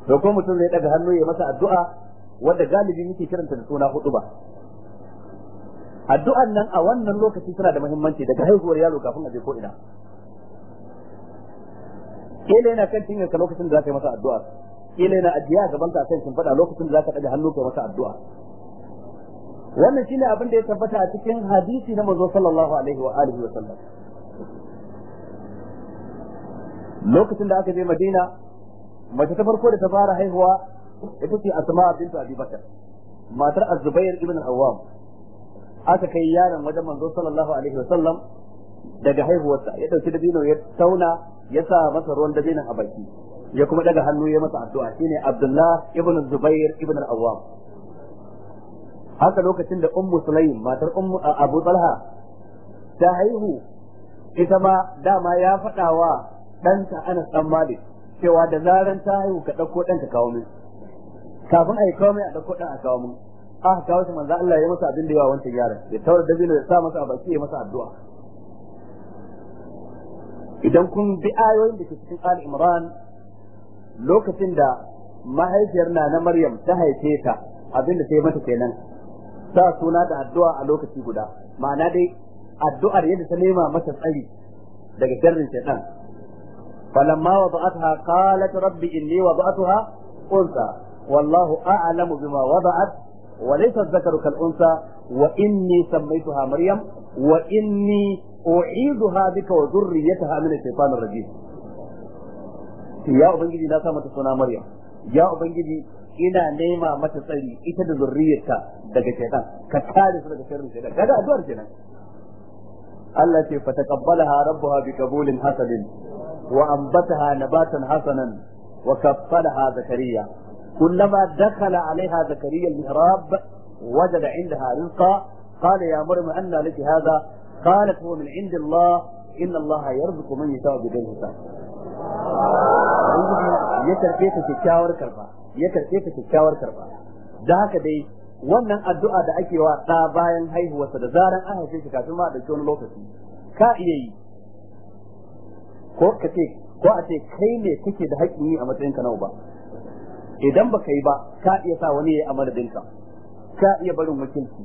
to ko mutum zai daga hannu ya masa addu'a wanda galibi muke kiranta da suna hudu ba addu'an nan a wannan lokaci tana da muhimmanci daga haihuwar yaro kafin a je ko ina kila yana kan cinyarka lokacin da za ka yi masa addu'a kila yana ajiya gaban ka kan shimfiɗa lokacin da za ka ɗaga hannu ka masa addu'a wannan shine abin da ya tabbata a cikin hadisi na manzo sallallahu alaihi wa alihi wa sallam lokacin da aka je Madina mace ta farko da ta fara haihuwa ita ce Asma bint Abi Bakar matar Az-Zubair ibn Al-Awwam aka kai yaron wajen manzo sallallahu alaihi wa sallam daga haihuwarsa ya dauki dabino ya tauna ya sa masa ruwan dabinan a baki ya kuma daga hannu ya masa addu'a shine Abdullah ibn Zubair ibn al-Awwam haka lokacin da Ummu Sulaim matar Ummu Abu Talha ta haihu ita ma dama ya faɗa wa ɗanta Malik cewa da zaran ta haihu ka ɗauko ɗanka kawo min kafin a yi kawo min a ɗauko ɗan a kawo min aka kawo shi manzo Allah ya masa abin da yawa wancan yaron ya tawar dabino da sa masa a baki ya masa addu'a idan kun bi ayoyin da ke cikin Ali Imran lokacin da mahaifiyar na na Maryam ta haife ta abin da ta yi mata kenan sa suna da addu'a a lokaci guda ma'ana dai addu'ar yadda ta nema mata tsari daga sharrin shaitan falamma wada'atha qalat rabbi inni wada'atuha unsa wallahu a'lamu bima wada'at wa laysa dhakaru kal unsa wa inni sammaytuha maryam wa inni u'iduha bika wa dhurriyyataha min ash-shaytanir rajim ya ubangiji na sa mata suna maryam ya ubangiji ina nema mata tsari ita da zurriyarta daga shaytan ka tare su daga sharrin shaytan kaga addu'ar kenan Allah ce fa taqabbalaha rabbuha bi qabulin hasanin wa anbataha nabatan hasanan wa kaffalaha zakariya كلما دخل عليها زكريا المهراب وجد عندها رزقا قال يا مريم أن لك هذا قالت هو من عند الله إن الله يرزق من يشاء بغير حساب ya karfe ta kyakkyawar karba ya karfe ta kyakkyawar karba da haka dai wannan addu'a da ake wa ɗa bayan haihuwarsa da zaran a haife shi kafin ma a ɗauki wani lokaci ka iya yi ko a ce kai ne kake da haƙƙin a matsayin ka na uba idan ba ka yi ba ka iya sa wani ya yi a madadinka ka iya barin wakilci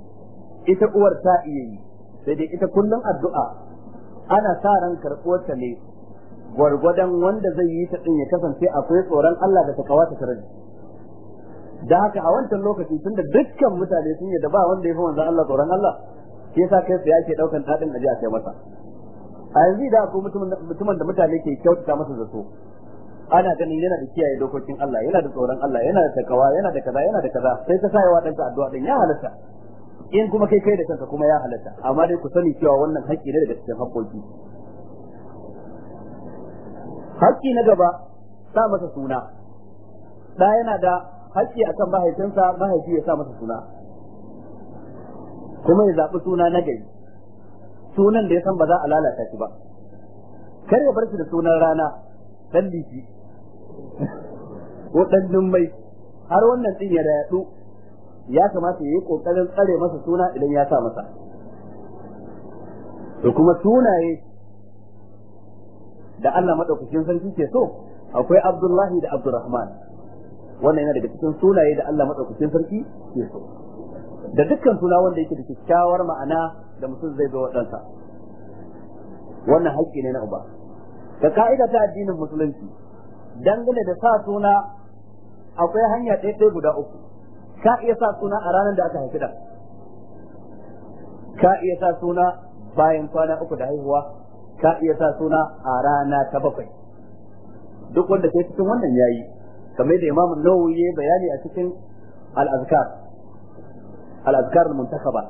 ita uwar ta iya yi sai dai ita kullum addu'a ana sa ran karɓuwar ta ne gwargwadon wanda zai yi ta ɗin ya kasance akwai tsoron Allah da takawa ta tare da haka a wancan lokaci tunda dukkan mutane sun yi da ba wanda ya fi wanzan Allah tsoron Allah ke yasa kai sai yake daukan dadin aje a kai masa a yanzu da akwai mutumin da mutane ke kyautata masa zato ana ganin yana da kiyaye dokokin Allah yana da tsoron Allah yana da takawa yana da kaza yana da kaza sai ta sa yawa addu'a din ya halatta in kuma kai kai da kanka kuma ya halatta amma dai ku sani cewa wannan haƙƙi ne daga cikin haƙƙoƙi haƙƙi na gaba sa masa suna da yana da haƙƙi akan mahaifinsa mahaifi ya sa masa suna kuma ya zaɓi suna na gari sunan da ya san ba za a lalata shi ba kar ya bar shi da sunan rana dan liti ko dan dummai har wannan din ya rayu ya kamata yayi kokarin tsare masa suna idan ya sa masa to kuma sunaye da Allah madaukakin sarki ke so akwai Abdullahi da Abdurrahman wannan yana daga cikin sunaye da Allah madaukakin sarki ke so da dukkan suna wanda yake da kyakkyawar ma'ana da mutum zai ga wadansa wannan haƙƙi ne na uba da ka'ida ta addinin musulunci dangane da sa suna akwai hanya ɗaya guda uku ka iya sa suna a ranar da aka haifi da ka iya sa suna bayan kwana uku da haihuwa ka iya sa suna a rana ta bakwai duk wanda ke cikin wannan yayi kamar da imamu nawawi ya bayani a cikin al-azkar al-azkar al-muntakhaba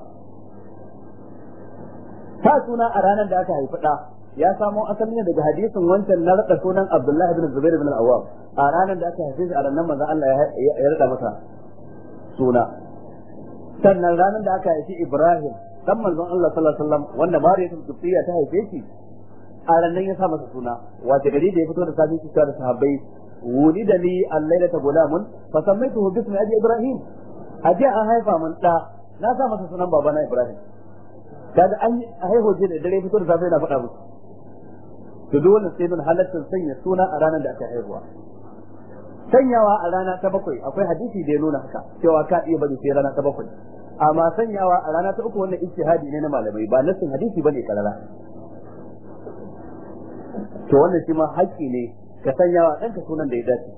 ta suna a ranar da aka haifi da ya samo asali daga hadisin wancan na rada sunan Abdullah ibn Zubair ibn al-Awwam a ranar da aka haife shi a ranar manzon Allah ya rada masa suna sannan ranar da aka haifi Ibrahim dan manzon Allah sallallahu alaihi wasallam wanda Maryam Qibtiyya ta haife shi a ranar ya sa masa suna wace gari da ya fito da sabbin shi da sahabbai ولد لي الليلة غلام فسميته باسم أبي إبراهيم أجاء هيفا من لا لا سامة سنان بابانا Ibrahim? kaga an haihu je da dare fito da safe na faɗa musu to duk wannan sai don halaccin sanya suna a ranar da aka haihuwa sanyawa a rana ta bakwai akwai hadisi da ya nuna haka cewa ka iya bari sai rana ta bakwai amma sanyawa a rana ta uku wannan ijtihadi ne na malamai ba nassin hadisi bane karara to wannan shi ma haƙƙi ne ka sanyawa ɗanka sunan da ya dace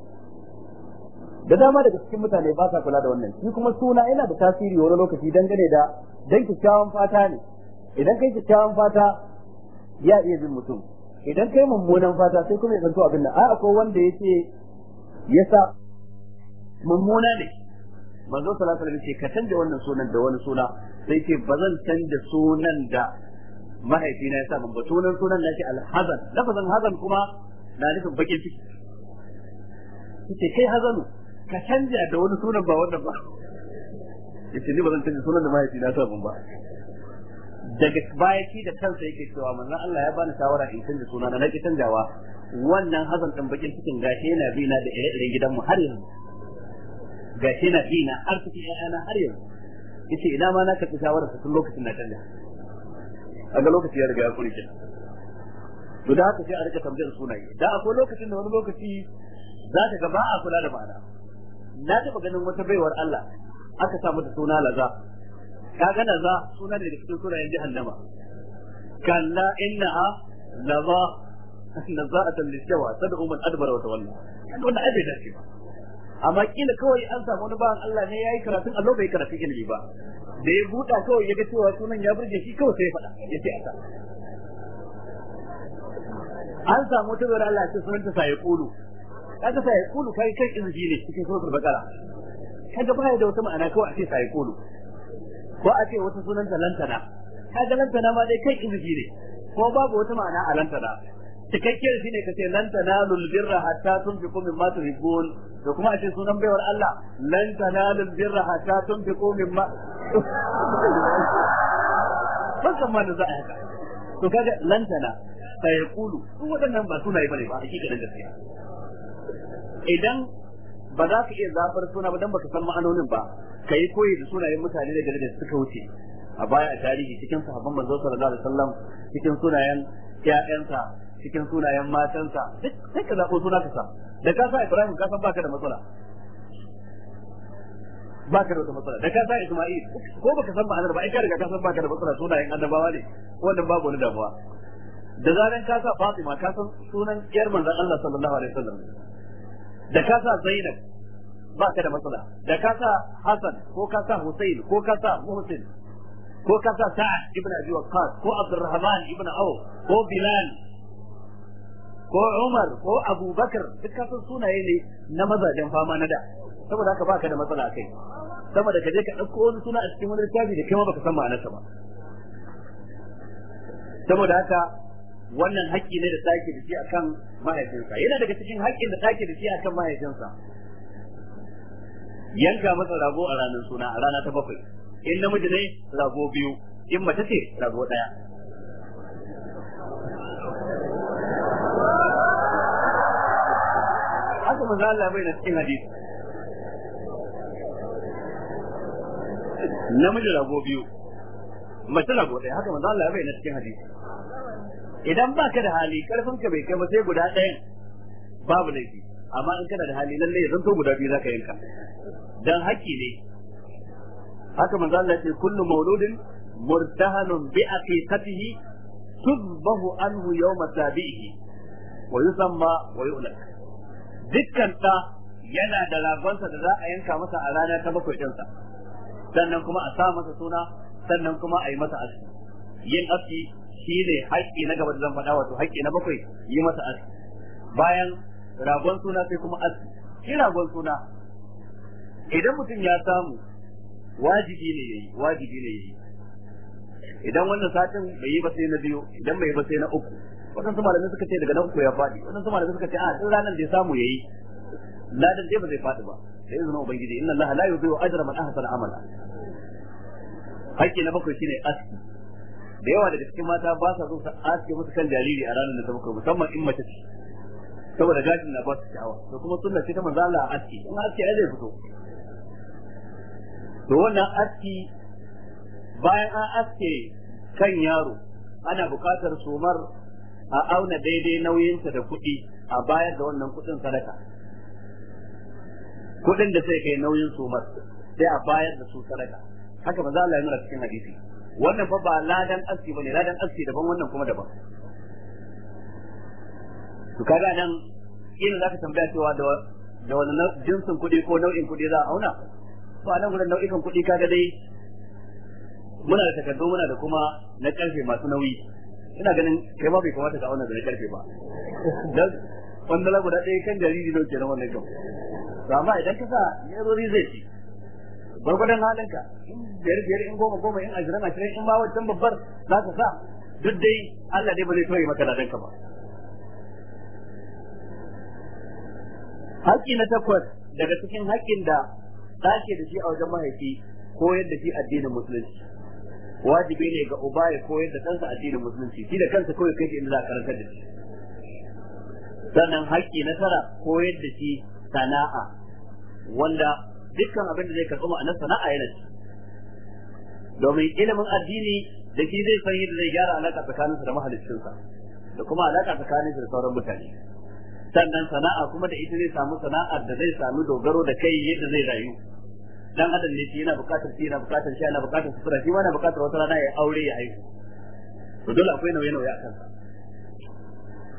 da dama daga cikin mutane ba sa kula da wannan shi kuma suna yana da tasiri wani lokaci dangane da dan kyakkyawan fata ne idan kai kyakkyawan fata ya iya jin mutum idan kai mummunan fata sai kuma ya zanto abin nan a akwai wanda yake yasa mummuna ne manzo sallallahu alaihi wasallam ce ka canja wannan sunan da wani suna sai ce bazan canja sunan da mahaifina yasa ban bato nan sunan nake alhazan lafazan hazan kuma na nufin bakin ciki yace kai hazanu ka canja da wani sunan ba wannan ba yace ni bazan canja sunan da mahaifina yasa ban ba daga baya shi da kansa yake cewa manzon Allah ya bani shawara in canza suna na nake canzawa wannan hazan din bakin cikin gashi yana bi na da ire-iren gidanmu har yanzu gashi yana bi na har cikin ƴaƴana har yanzu yace ina ma na karɓi shawara tun lokacin na canja a ga lokaci ya riga ya kurke to da haka sai a rika tambayar sunaye da akwai lokacin da wani lokaci za ta ga ba a kula da ma'ana na taɓa ganin wata baiwar Allah aka samu da suna laza Ka kaga naza sunan da cikin sunayen jahannama kalla innaha laza naza'atan lishawa tad'u man adbara wa tawalla wannan ai bai dace ba amma kila kawai an samu wani bawan Allah ne yayi karatun Allah bai karatun ilimi ba da ya buɗa kawai ya ga cewa sunan ya burge shi kawai sai ya faɗa ya ce asa an samu wata bayar Allah ce sunanta sa ya kulu kaga sa ya kulu kai kai izini ne cikin suratul baqara kaga baya da wata ma'ana kawai a ce sa ya kulu ko a ce wata sunan ta lantana kaga lantana ma dai kai izifi ne ko babu wata ma'ana a lantana cikakke shi ne kace lan tanalul birra hatta tunfiqu mimma tuhibbun da kuma a ce sunan baiwar Allah lan tanalul birra hatta tunfiqu mimma fasan ma da za a haka to kaga lantana tana fa yaqulu duk wadannan ba sunaye bane ba hakika da gaskiya idan ba za ka iya zafar suna ba dan baka san ma'anonin ba kai koyi da sunayen mutane da da suka wuce a baya a tarihi cikin sahabban manzo sallallahu alaihi wasallam cikin sunayen ƴaƴansa cikin sunayen matansa duk sai ka zabo suna ka sa da ka sa Ibrahim ka san baka da matsala baka da wata matsala da ka sa Isma'il ko baka san ma'anar ba ai ka riga ka san baka da matsala sunayen annabawa ne wannan babu wani damuwa da zaran ka sa Fatima ka san sunan ƴar manzon Allah sallallahu alaihi wasallam da ka sa Zainab ba ka da matsala da ka sa Hassan ko ka sa Hussein ko ka sa Muhsin ko ka sa Sa'ad ibn Abi Waqqas ko Abdurrahman ibn Aw ko Bilal ko Umar ko Abu Bakar duk ka sunaye ne na mazajen fama na da saboda haka baka da matsala kai sama da kaje ka dauko wani suna a cikin wani littafi da kai ma baka san ma'anarsa ba saboda haka wannan haƙƙi ne da take da shi akan mahaifinsa yana daga cikin haƙƙin da take da shi akan mahaifinsa yanka masa rago a ranar suna a rana ta bakwai in namiji ne rago biyu in mace ce rago daya haka manzo Allah bai da cikin hadisi namiji rago biyu mace rago daya haka manzo Allah bai da cikin hadisi idan baka da hali karfin ka bai kai ba sai guda ɗayan babu laifi amma in kana da hali lallai ya zanto guda biyu zaka yanka dan haƙƙi ne haka manzo Allah ce kullu mauludin murtahanun bi aqiqatihi tuzbahu anhu yawma tabihi wa yusamma wa yu'lak dukkan ta yana da ragonsa da za a yanka masa a rana ta bakwai ɗinsa sannan kuma a sa masa suna sannan kuma a yi masa aski yin aski shi ne haƙƙi na gaba da zan faɗa wato haƙƙi na bakwai yi masa aski bayan ragon suna sai kuma aski shi ragon suna idan mutum ya samu wajibi ne yayi wajibi ne yayi idan wannan satin bai yi ba sai na biyu idan bai yi ba sai na uku wadansu malamai suka ce daga na uku ya faɗi wadansu malamai suka ce a ah, tun ranar da ya samu yayi ladan dai ba zai faɗi ba da izinin ubangiji inna allaha la yudhi'u ajra man ahsana amala hakki na bakwai shine aski da yawa daga cikin mata ba sa so su aske musu kan jariri a ranar da ta bakwai musamman in mace ce saboda gashin na ba su sha'awa to kuma sunna ce ta manzo Allah a aski in aski ai zai fito to wannan aski bayan an aske kan yaro ana buƙatar sumar a auna daidai nauyinsa da kuɗi a bayar da wannan kuɗin sadaka kuɗin da sai kai nauyin sumar sai a bayar da su sadaka haka manzo Allah ya nuna cikin hadisi wannan fa ba ladan aski bane ladan aski daban wannan kuma daban to kaga nan za zaka tambaya cewa da da wannan jinsin kuɗi ko nau'in kuɗi za a auna to a nan gurin nau'ikan kuɗi kaga dai muna da takardu muna da kuma na karfe masu nauyi ina ganin kai ma bai kamata ka auna da na karfe ba dan wanda guda ɗaya kan jariri ne nan wannan kan to amma idan ka sa nerori zai ci gwargwadon halinka biyar biyar in goma goma in ashirin ashirin in ba wancan babbar za ka sa duk dai Allah dai ba zai toye maka ladanka ba haƙƙi na takwas daga cikin haƙƙin da ke da shi a wajen mahaifi koyar da shi addinin musulunci wajibi ne ga uba ya koyar da kansa addinin musulunci shi da kansa kawai kai inda za a karanta da shi sannan haƙƙi na tara koyar da shi sana'a wanda dukkan abin da zai karɓi ma'ana sana'a yana ci domin ilimin addini da shi zai san yadda zai gyara alaƙa tsakaninsa da mahaliccinsa da kuma alaƙa tsakaninsa da sauran mutane sannan sana'a kuma da ita zai samu sana'ar da zai samu dogaro da kai yadda zai rayu dan adam ne shi yana bukatar shi yana bukatar shi yana bukatar sutura shi yana bukatar wata rana ya aure ya haihu to dole akwai nauyi nauyi akan sa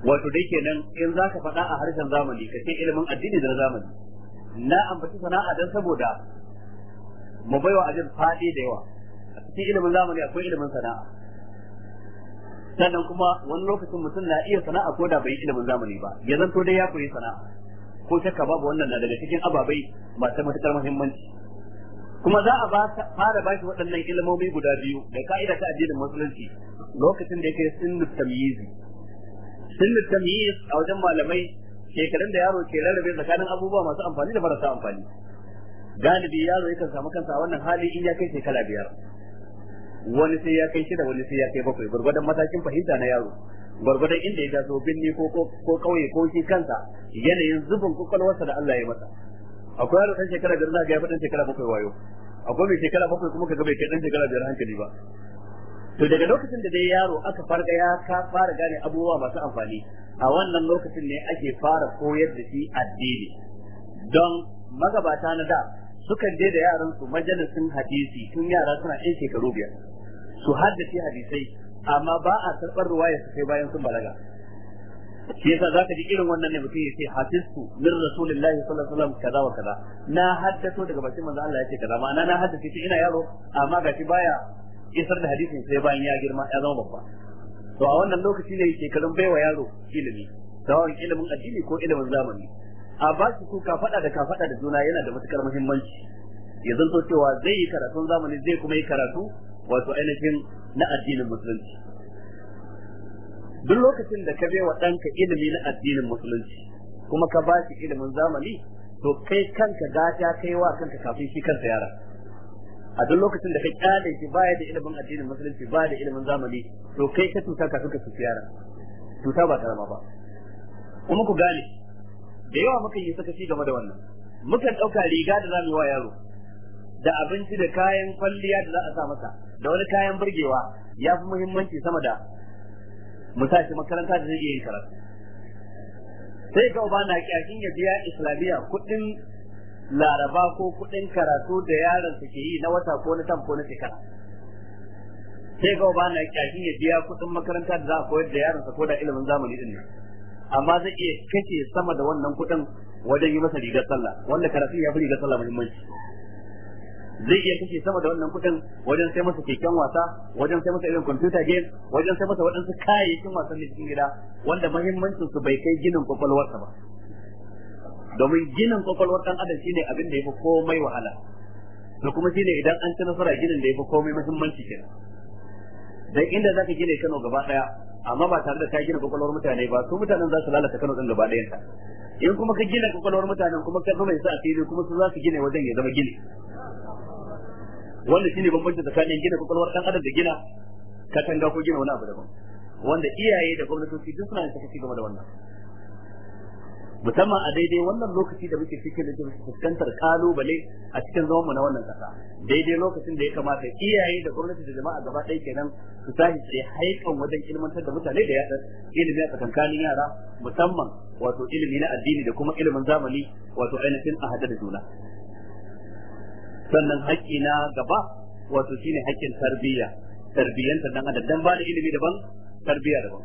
wato dai kenan in za ka faɗa a harshen zamani ka ce ilimin addini da zamani na ambaci sana'a dan saboda mu baiwa ajin faɗi da yawa a cikin ilimin zamani akwai ilimin sana'a sannan kuma wani lokacin mutum na iya sana'a ko da bai yi ilimin zamani ba ya zanto dai ya koyi sana'a ko shakka babu wannan na daga cikin ababai masu matukar muhimmanci kuma za a fara shi waɗannan ilimomi guda biyu da ka'ida ta addinin musulunci lokacin da yake sinu tamyizi sinu tamyiz a wajen malamai shekarun da yaro ke rarrabe tsakanin abubuwa masu amfani da marasa amfani galibi yaro yakan samu kansa a wannan hali in ya kai shekara biyar wani sai ya kai shida wani sai ya kai bakwai gurgurdan matakin fahimta na yaro gurgurdan inda ya taso binni ko ko kauye ko shi kansa yanayin zubin kokolwarsa da Allah ya masa akwai yaro kan shekara biyar zaka ya faɗin shekara bakwai wayo akwai mai shekara bakwai kuma kaga bai kai dan shekara biyar hankali ba to daga lokacin da dai yaro aka farga ya ka fara gane abubuwa masu amfani a wannan lokacin ne ake fara koyar da shi addini don magabata na da sukan je da yaran su majalisin hadisi tun yara suna ɗan shekaru biyar su haddace hadisai amma ba a karɓar ruwaya su kai bayan sun balaga shi yasa zaka ji irin wannan ne mutum yace hadisu min rasulillahi sallallahu alaihi wasallam kaza wa kaza na haddato daga bakin manzo Allah yace kaza ma'ana na haddace shi ina yaro amma gashi baya isar da hadisin sai bayan ya girma ya zama babba to a wannan lokaci ne karin baiwa yaro ilimi tsawon ilimin addini ko ilimin zamani a ba shi ka faɗa da ka faɗa da juna yana da matukar muhimmanci ya zanto cewa zai yi karatun zamani zai kuma yi karatu wato ainihin na addinin musulunci duk lokacin da ka bai wa ɗanka ilimi na addinin musulunci kuma ka ba shi ilimin zamani to kai kanka gata kai wa kanka kafin shi kansa yara a duk lokacin da ka kyale shi baya da ilimin addinin musulunci baya da ilimin zamani to kai ka tuta kafin ka tuta yara tuta ba karama ba kuma ku gane da yawa muka yi shi game da wannan mukan ɗauka riga da za mu yi wa yaro da abinci da kayan kwalliya da za a sa masa da wani kayan burgewa ya fi muhimmanci sama da musashi makaranta da zai iya yin karatu sai ga ba na kyakin ya biya islamiyya kuɗin laraba ko kuɗin karatu da yaron su ke yi na wata ko na tamfo na shekara sai ga ba na kyakin ya biya kuɗin makaranta da za a koyar da yaron sa ko da ilimin zamani din ne amma zai iya kashe sama da wannan kuɗin wajen yi masa rigar sallah wanda karatu ya fi rigar sallah muhimmanci zai iya kashe sama da wannan kudin wajen sai masa keken wasa wajen sai masa irin computer game wajen sai masa waɗansu kayayyakin wasan cikin gida wanda muhimmancin su bai kai ginin kwakwalwarsa ba domin ginin kwakwalwar ɗan adam shine abin da yafi komai wahala da kuma shine idan an ci nasara ginin da yafi komai muhimmanci kenan dan inda zaka gine Kano gaba daya amma ba tare da ka gina kwakwalwar mutane ba su mutanen za su lalata Kano din gaba ɗayan in kuma ka gina kwakwalwar mutanen kuma ka zama yasa sa'a kuma su za su gine wajen ya zama gine wanda shine bambanci tsakanin gina kwakwalwar dan adam da gina katanga ko gina wani abu daban wanda iyaye da gwamnatoci duk suna da cikin game da wannan musamman a daidai wannan lokaci da muke cikin da fuskantar kalubale a cikin zamanmu na wannan kasa daidai lokacin da ya kamata iyaye da gwamnati da jama'a gaba ɗaya kenan su tashi sai haikan wajen ilmantar da mutane da yadda ilimi a tsakankanin yara musamman wato ilimi na addini da kuma ilimin zamani wato ainihin a hada da juna sannan haƙƙi na gaba wato shine haƙƙin tarbiyya tarbiyyanta dan adam dan ba da ilimi daban tarbiyya daban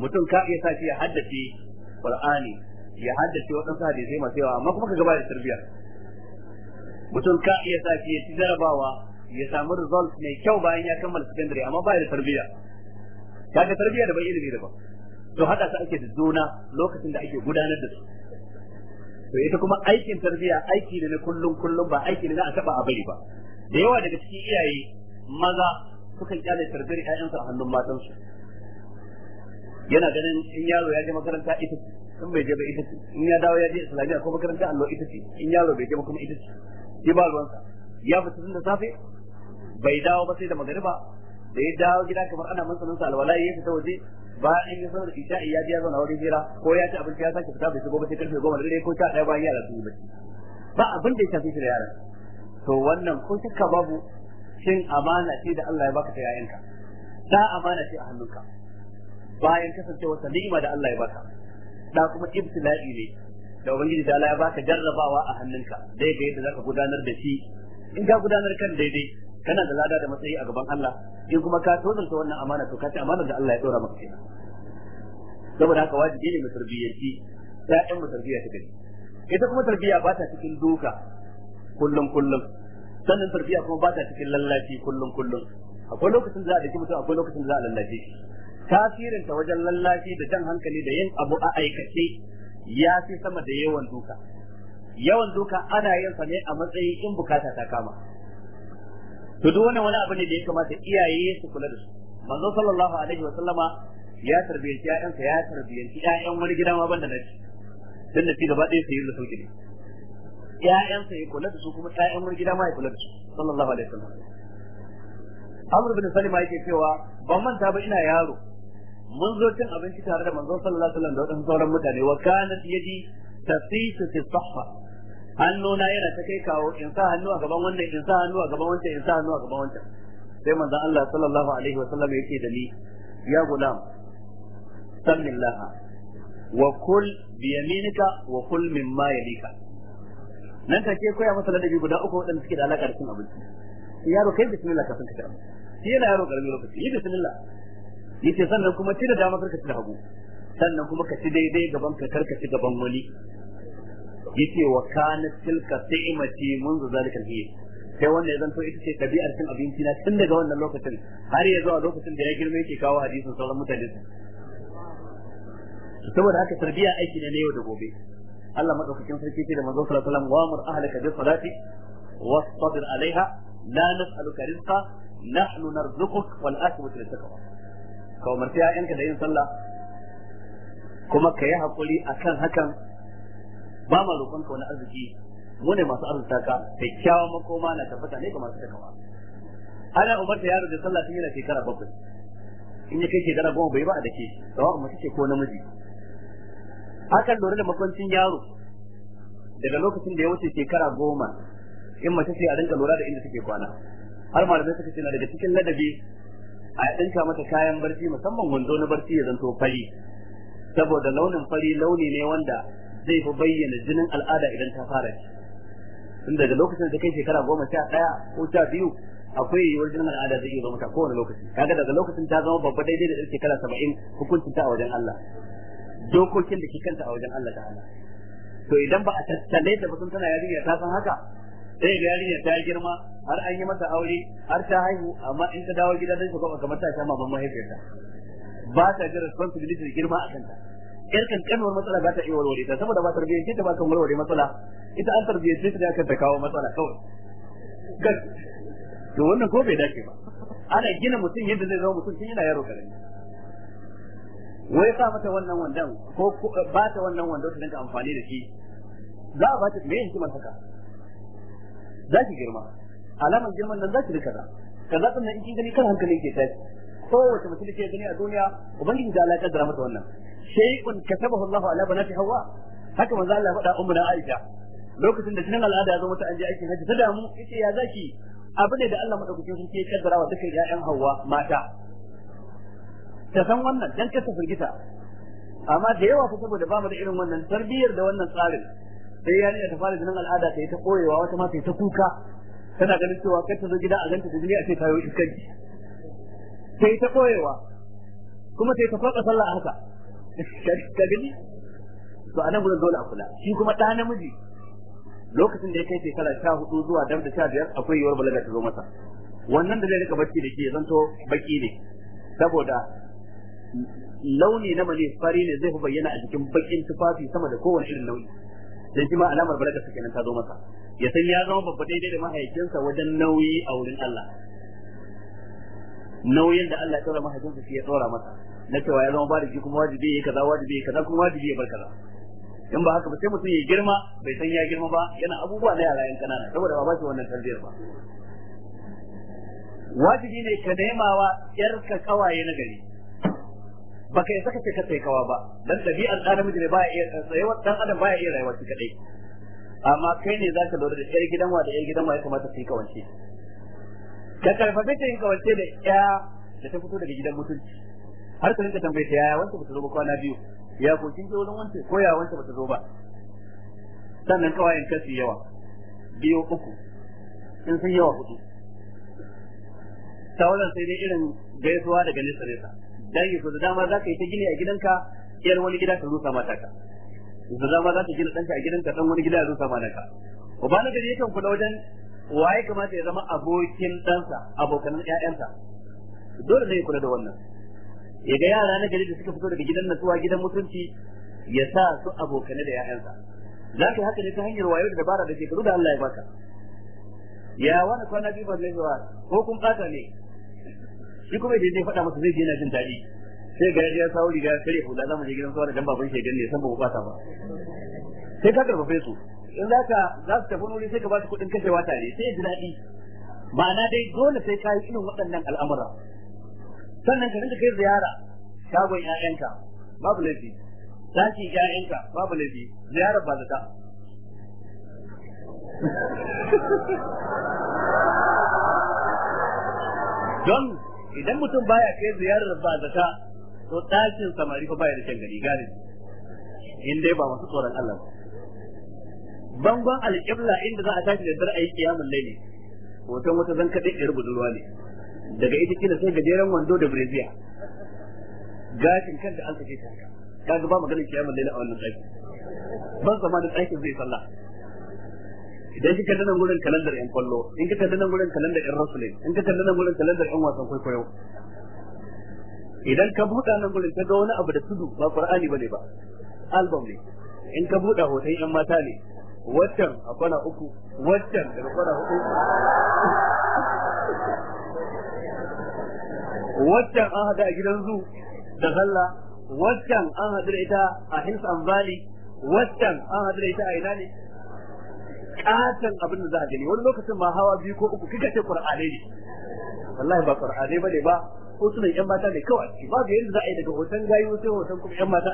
mutum ka iya sa shi ya haddace qur'ani ya haddace waɗansu hadisai masu yawa amma kuma ka gaba da tarbiyya mutum ka iya sa shi ya ci jarabawa ya samu result mai kyau bayan ya kammala secondary amma ba da tarbiyya kaga tarbiyya daban ilimi daban to hada su ake da juna lokacin da ake gudanar da su to ita kuma aikin tarbiyya aiki ne na kullum kullum ba aiki ne na a taba a bari ba da yawa daga cikin iyaye maza sukan kyale tarbiyyar ƴaƴansu a hannun matansu yana ganin in yaro ya je makaranta ita ce in bai je ba ita ce in ya dawo ya je islamiyya ko makaranta allo ita ce in yaro bai je ba kuma ita ce shi ba ruwansa ya fita tun da safe bai dawo ba sai da magariba da ya dawo gida kamar ana masa nan alwala ya fita waje bayan an yi sanar isha ya ji ya zauna wurin hira ko ya ci abinci ya sake fita bai shigo ba sai karfe goma dare ko sha ɗaya bayan yara sun yi bacci ba abin da ya shafi shi da yaran to wannan ko shakka babu shin amana ce da Allah ya baka ta yayanka da amana ce a hannunka bayan kasancewa ta ni'ima da Allah ya baka da kuma ibtila'i ne da ubangiji da Allah ya baka jarrabawa a hannunka daidai yadda zaka gudanar da shi in ka gudanar kan daidai kana da lada da matsayi a gaban Allah in kuma ka tozanta wannan amana to ka ci amana da Allah ya tsora maka kenan saboda haka wajibi ne mu tarbiyyanci ƴaƴan mu tarbiyya ta gari ita kuma tarbiyya ba ta cikin duka kullum kullum sannan tarbiyya kuma ba ta cikin lallaci kullum kullum akwai lokacin da za a daki mutum akwai lokacin da za a lallace shi tasirin ta wajen lallaci da jan hankali da yin abu a aikace ya fi sama da yawan duka yawan duka ana yin sa ne a matsayin in bukata ta kama to duk wannan wani abu ne da ya kamata iyaye su kula da su manzo sallallahu alaihi wa sallama ya tarbiyyanci ƴaƴansa ya tarbiyyanci ƴaƴan wani gida ma banda nashi dan da gaba ɗaya sai da sauki ne ƴaƴansa ya kula da su kuma ƴaƴan wani gida ma ya kula da su sallallahu alaihi wa sallam Amr bin Salima yake cewa ban manta ba ina yaro mun zo cin abinci tare da manzo sallallahu alaihi wa sallam da wadannan sauran mutane wa kana yadi tasisu fi sahfa hannuna yana ta kai kawo in sa hannu a gaban wannan in sa hannu a gaban wancan in sa hannu a gaban wancan sai manzon Allah sallallahu alaihi wasallam yake da ni ya gulam sallillaha wa kul bi yaminika wa kul mimma yalika nan ta take koya masa ladabi guda uku wadanda suke da alaka da cin abinci yaro kai bismillah ka san ka karama shi yana yaro karamin lokaci yi bismillah yace sannan kuma ci da dama karka ci da hagu sannan kuma ka ci daidai gaban ka karka ci gaban wani yace wa kanat tilka ta'imati منذ zalika al sai wanda ya zanto ita ce tabi'ar cin abinci na tun daga wannan lokacin har ya zuwa lokacin da ya girma yake kawo hadisin sauran mutane saboda haka tarbiyya aiki ne na yau da gobe Allah madaukakin sarki ce da manzo sallallahu alaihi wasallam wa ahlaka bis salati wastabir alaiha la nas'aluka rizqa nahnu narzuquk wal aqibatu littaqwa ka umarci ya'yanka da yin sallah kuma ka yi hakuri akan hakan ba ma roƙon ka wani arziki mu ne masu arzuta ka kyakkyawan makoma na tabbata ne ga masu takawa ana umarta yaro da sallah tun yana shekara bakwai in ya kai shekara goma bai ba a dake sawa mace ce ko namiji hakan lura da makwancin yaro daga lokacin da ya wuce shekara goma in mace ce a rinka lura da inda take kwana har malamai suka ce na daga cikin ladabi a dinka mata kayan barci musamman wando na barci ya zanto fari saboda launin fari launi ne wanda zai fi bayyana jinin al'ada idan ta fara shi tun daga lokacin da kai shekara goma sha ɗaya ko sha biyu akwai yiwuwar jinin al'ada zai iya zama ta kowane lokaci kaga daga lokacin ta zama babba daidai da ɗan shekara saba'in hukuncin ta a wajen Allah dokokin da ke kanta a wajen Allah ta'ala to idan ba a tattale ta ba sun tana yarinya ta san haka sai ga yarinya ta girma har an yi mata aure har ta haihu amma in ta dawo gida zai ta gaba kamar ta sha mamman mahaifiyarta ba ta ga responsibility girma a kanta yar kankanuwar matsala ba ta iya warware ta saboda ba tarbiyyance ta ba kan warware matsala ita an tarbiyyance ta da ta kawo matsala kawai to wannan ko bai dace ba ana gina mutum yadda zai zama mutum tun yana yaro karami wai sa mata wannan wandan ko ba ta wannan wandan ta dinka amfani da shi za a ba ta me hikimar haka za ki girma alamar girman nan za ki rika za ka nan in kin gani kan hankali ke tashi kowace mutum ke gani a duniya ubangiji da Allah ya kaddara mata wannan shay'un katabahu Allah ala banati Hawwa haka manzo a faɗa ummu na Aisha lokacin da jinin al'ada ya zo mata an je aikin haji ta damu yace ya zaki abu ne da Allah madaukakin sarki ya kaddara wa dukkan ƴaƴan Hawwa mata ta san wannan dan kasa firgita amma da yawa fa saboda ba mu da irin wannan tarbiyyar da wannan tsarin sai ya ta fara jinin al'ada ta yi ta koyewa wata ma ta ta kuka tana ganin cewa kai ta zo gida a ganta da a ce ta yi iskanci ta yi ta koyewa kuma sai ta farka sallah haka ta gani to anan gurin dole a kula shi kuma ɗa namiji lokacin da ya kai shekara sha hudu zuwa dam da sha biyar akwai yiwuwar balaga ta zo masa wannan da zai rika bacci da ke zanto baki ne saboda launi na mali fari ne zai fi bayyana a jikin bakin tufafi sama da kowane irin launi dan shi ma alamar balaga ta kenan ta zo masa ya san ya zama babba daidai da mahaifinsa wajen nauyi a wurin Allah nauyin da Allah ya tsara mahaifinsa shi ya tsora masa na cewa ya zama baligi kuma wajibi ya kaza wajibi ya kaza kuma wajibi ya bar kaza in ba haka ba sai mutum ya girma bai san ya girma ba yana abubuwa na yara yan kanana saboda ba shi wannan tarbiyyar ba wajibi ne ka nemawa yarka kawaye na gari ba ka saka ka sai kawa ba dan dabi'ar dan namiji ne baya iya tsayawar dan adam baya iya rayuwa shi kadai amma kai ne zaka lura da yar gidan wa da yar gidan wa ya kamata su yi kawance ka karfafe ta yin kawance da ya da ta fito daga gidan mutunci har ka rinka tambaye ta yaya wanda bata zo ba kwana biyu ya ko kin je wurin wanda ko ya wanda bata zo ba sannan kawai in kasi yawa biyu uku in sun yawa hudu tawalan sai dai irin gaisuwa daga nesa nesa dan yi da dama za ka yi ta gini a gidanka yar wani gida ka rusa mata ka da dama za ka gina danka a gidanka dan wani gida ya rusa mata ka uba na gari yakan kula wajen waye kamata ya zama abokin ɗansa abokan ƴaƴansa dole ne ya kula da wannan Yaga ga yara na gari da suka fito daga gidan nasuwa gidan mutunci ya sa su abokane da ya'yansa za ka haka ne ta hanyar wayo da dabara da shekaru da Allah ya baka ya wani kwana biyu zai laifuwa ko kun fata ne shi kuma idan zai faɗa masa zai je yana jin daɗi sai ga ya sa wuri ya kare hula za mu je gidan suwa da dan babun shegan ne san ba ku fata ba sai ka karfafe su in za ka za su tafi wuri sai ka ba su kuɗin kashewa tare sai ya ji daɗi ma'ana dai dole sai ka yi irin waɗannan al'amura sannan ka rinka kai ziyara shagon ƴaƴanka babu laifi sashi ƴaƴanka babu laifi ziyara ba zata don idan mutum baya kai ziyarar ba zata to dakin samari fa baya da kyan gari gari in dai ba masu tsoron Allah bangon alƙibla inda za a tashi da dar ayi kiyamul laili hoton wata zan da ɗayar ruwa ne daga ita kila sai gajeren wando da breziya gashin kanta an sake ta kaga ba maganar kiyama laila a wannan tsaki ban da tsakin zai sallah idan kika tana gurin kalandar yan kwallo in kika tana gurin kalandar yan rasulin in kika tana gurin kalandar yan wasan kwaikwayo idan ka buɗa nan gurin ka ga wani abu da tudu ba qur'ani bane ba album ne in ka buɗa hoton yan mata ne waccan a kwana uku waccan daga kwana hudu waccan an hada a gidan zu da sallah waccan an hada da ita a hins valley, waccan an hada da ita a ina ne katan abin da za a gani wani lokacin ma hawa biyu ko uku kika ce qur'ani ne wallahi ba qur'ani bane ba ko sunan yan mata ne kawai ba ga yadda za a yi daga hoton gayu sai hoton kuma yan mata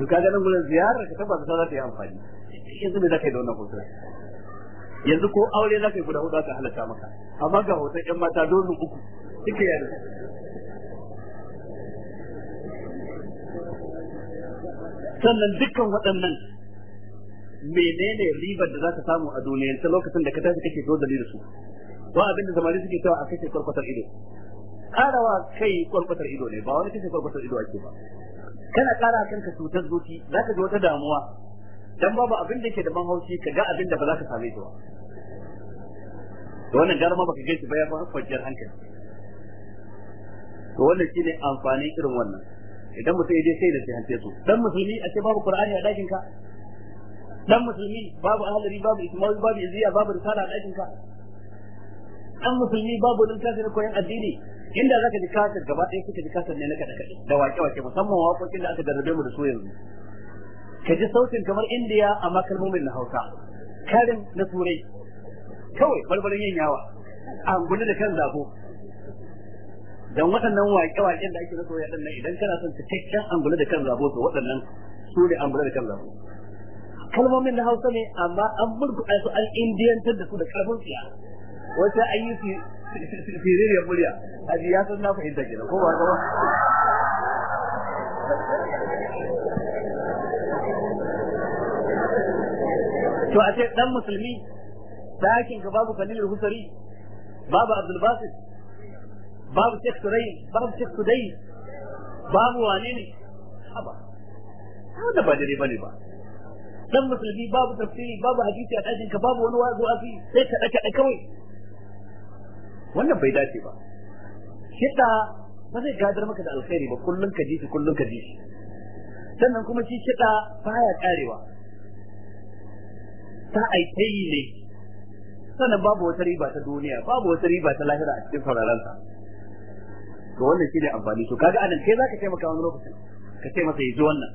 Duk kaga nan gurin ziyarar ka tabbata za ta yi amfani yanzu ne za ka yi da wannan hoton yanzu ko aure za ka yi guda hudu aka halatta maka amma ga hoton yan mata dozin uku suke yana sannan dukkan waɗannan menene ribar da za ka samu a duniya ta lokacin da ka tafi kake zo dalilin su ba abin da zamani suke cewa a kashe kwarkwatar ido karawa kai kwarkwatar ido ne ba wani kashe kwarkwatar ido ake ba kana kara kanka cutar zuci za ka ji wata damuwa dan babu abin da yake da ban haushi ka ga abin da ba za ka same shi ba to wannan ma baka gaishe ba ya fara kwanciyar hankali to wannan shine amfani irin wannan idan mutum ya je sai da sihance su dan musulmi a ce babu qur'ani a dakin ka dan musulmi babu ahlari babu ismawi babu Al-Ziya babu risala a dakin ka dan musulmi babu dan kafir koyon addini inda zaka ji kasar gaba ɗaya suka ji kasar ne na kada kada da wake wake musamman waƙoƙin da aka darbe mu da su yanzu ka ji sautin kamar indiya amma kalmomin na hausa karin na turai kawai barbarin yin yawa a gudu da kan zafo Don waɗannan waƙe-waƙen da ake na soyayya ɗin na, idan kana son cikakken angula da kan zabo to waɗannan su ne angula da kan zabo kalmomin na hausa ne amma an a su an indiyantar da su da karfin siya, wata an yi murya a ya san na fahimta gina ko ba ba to a ce dan musulmi dakin ka babu kalilul husari babu abdul basit babu sheikh turai babu sheikh tudai babu wane ne haba wanda ba dare bane ba dan musulmi babu tafsiri babu hadisi a dakin ka babu wani wazo a fi sai ka daka daka kawai wannan bai dace ba kida ba zai gadar maka da alkhairi ba kullun ka ji shi kullun ka ji shi sannan kuma shi kida baya karewa ta aita yi ne sannan babu wata riba ta duniya babu wata riba ta lahira a cikin sauraronsa to wannan ne amfani to kaga anan kai zaka taimaka wani lokacin ka ce masa yi wannan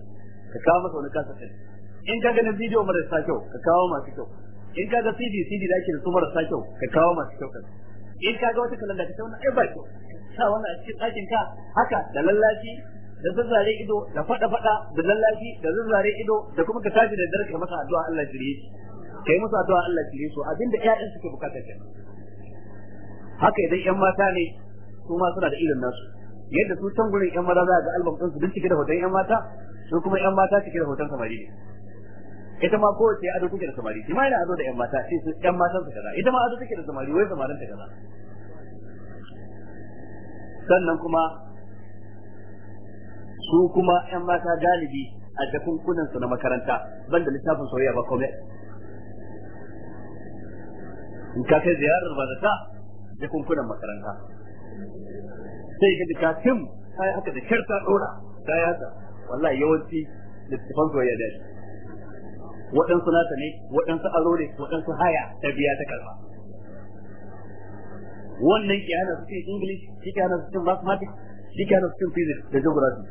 ka kawo masa wani kasa kai in kaga na bidiyo marasa kyau ka kawo masu kyau in kaga CD CD da ake da su marasa kyau ka kawo masu kyau kan in kaga wata kalanda ka ce wannan ai ba kyau sa wannan a cikin ɗakin ka haka da lallafi, da zazzare ido da faɗa-faɗa, da lallafi, da zazzare ido da kuma ka tafi da dare ka masa addu'a Allah jiri kai musu addu'a Allah shirye su abinda ƴaƴan suke bukata kenan haka idan ƴan mata ne su ma suna da irin nasu yadda su can gurin ƴan maza za ga album ɗin su duk cike da hoton ƴan mata su kuma ƴan mata cike da hoton samari ne ita ma kowace ado kuke da samari shi ma yana ado da ƴan mata sai su ƴan matan su kaza ita ma ado take da samari wai samarin ta kaza sannan kuma su kuma ƴan mata galibi a jakunkunan su na makaranta banda littafin soyayya ba komai in ka kai ziyarar ba da ta da kunkunan makaranta sai ka ji kafin kai haka da kyarta dora ta yi haka wallahi yawanci da littafan soyayya ya shi waɗansu nata ne waɗansu aro ne waɗansu haya ta biya ta karfa. wannan ke hana su cin english shi ke hana su cin mathematics shi ke hana su cin physics da geography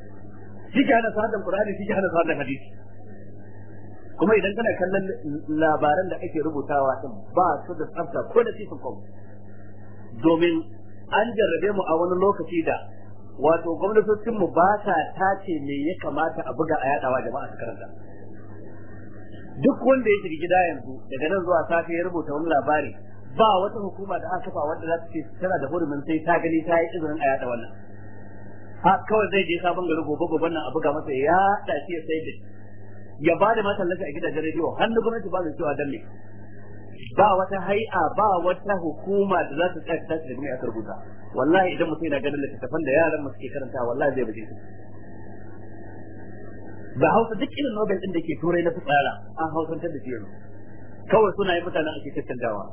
shi ke hana su hadan qur'ani shi ke hana su hadan hadisi kuma idan kana kallon labaran da ake rubutawa din ba su da tsafta ko da cikin kwam domin an jarrabe mu a wani lokaci da wato gwamnatocinmu mu ba ta tace me ya kamata a buga a yadawa jama'a su karanta duk wanda ya shiga gida yanzu daga nan zuwa safe ya rubuta wani labari ba wata hukuma da aka kafa wanda za ta ce tana da hurumin sai ta gani ta yi izinin a yada wannan ha kawai zai je sabon gari gobe gobe nan a buga masa ya dace sai da ya ba da matallaka a gidajen rediyo har gwamnati ba zai cewa dan ne ba wata hai'a ba wata hukuma da za ta tsaya ta tashi da gumi aka rubuta wallahi idan mutum yana ganin littattafan da yaran mu suke karanta wallahi zai baje su ba hausa duk irin nobel din da ke turai na fitsara an hausantar da shi yanzu kawai suna yi mutanen ake dawa.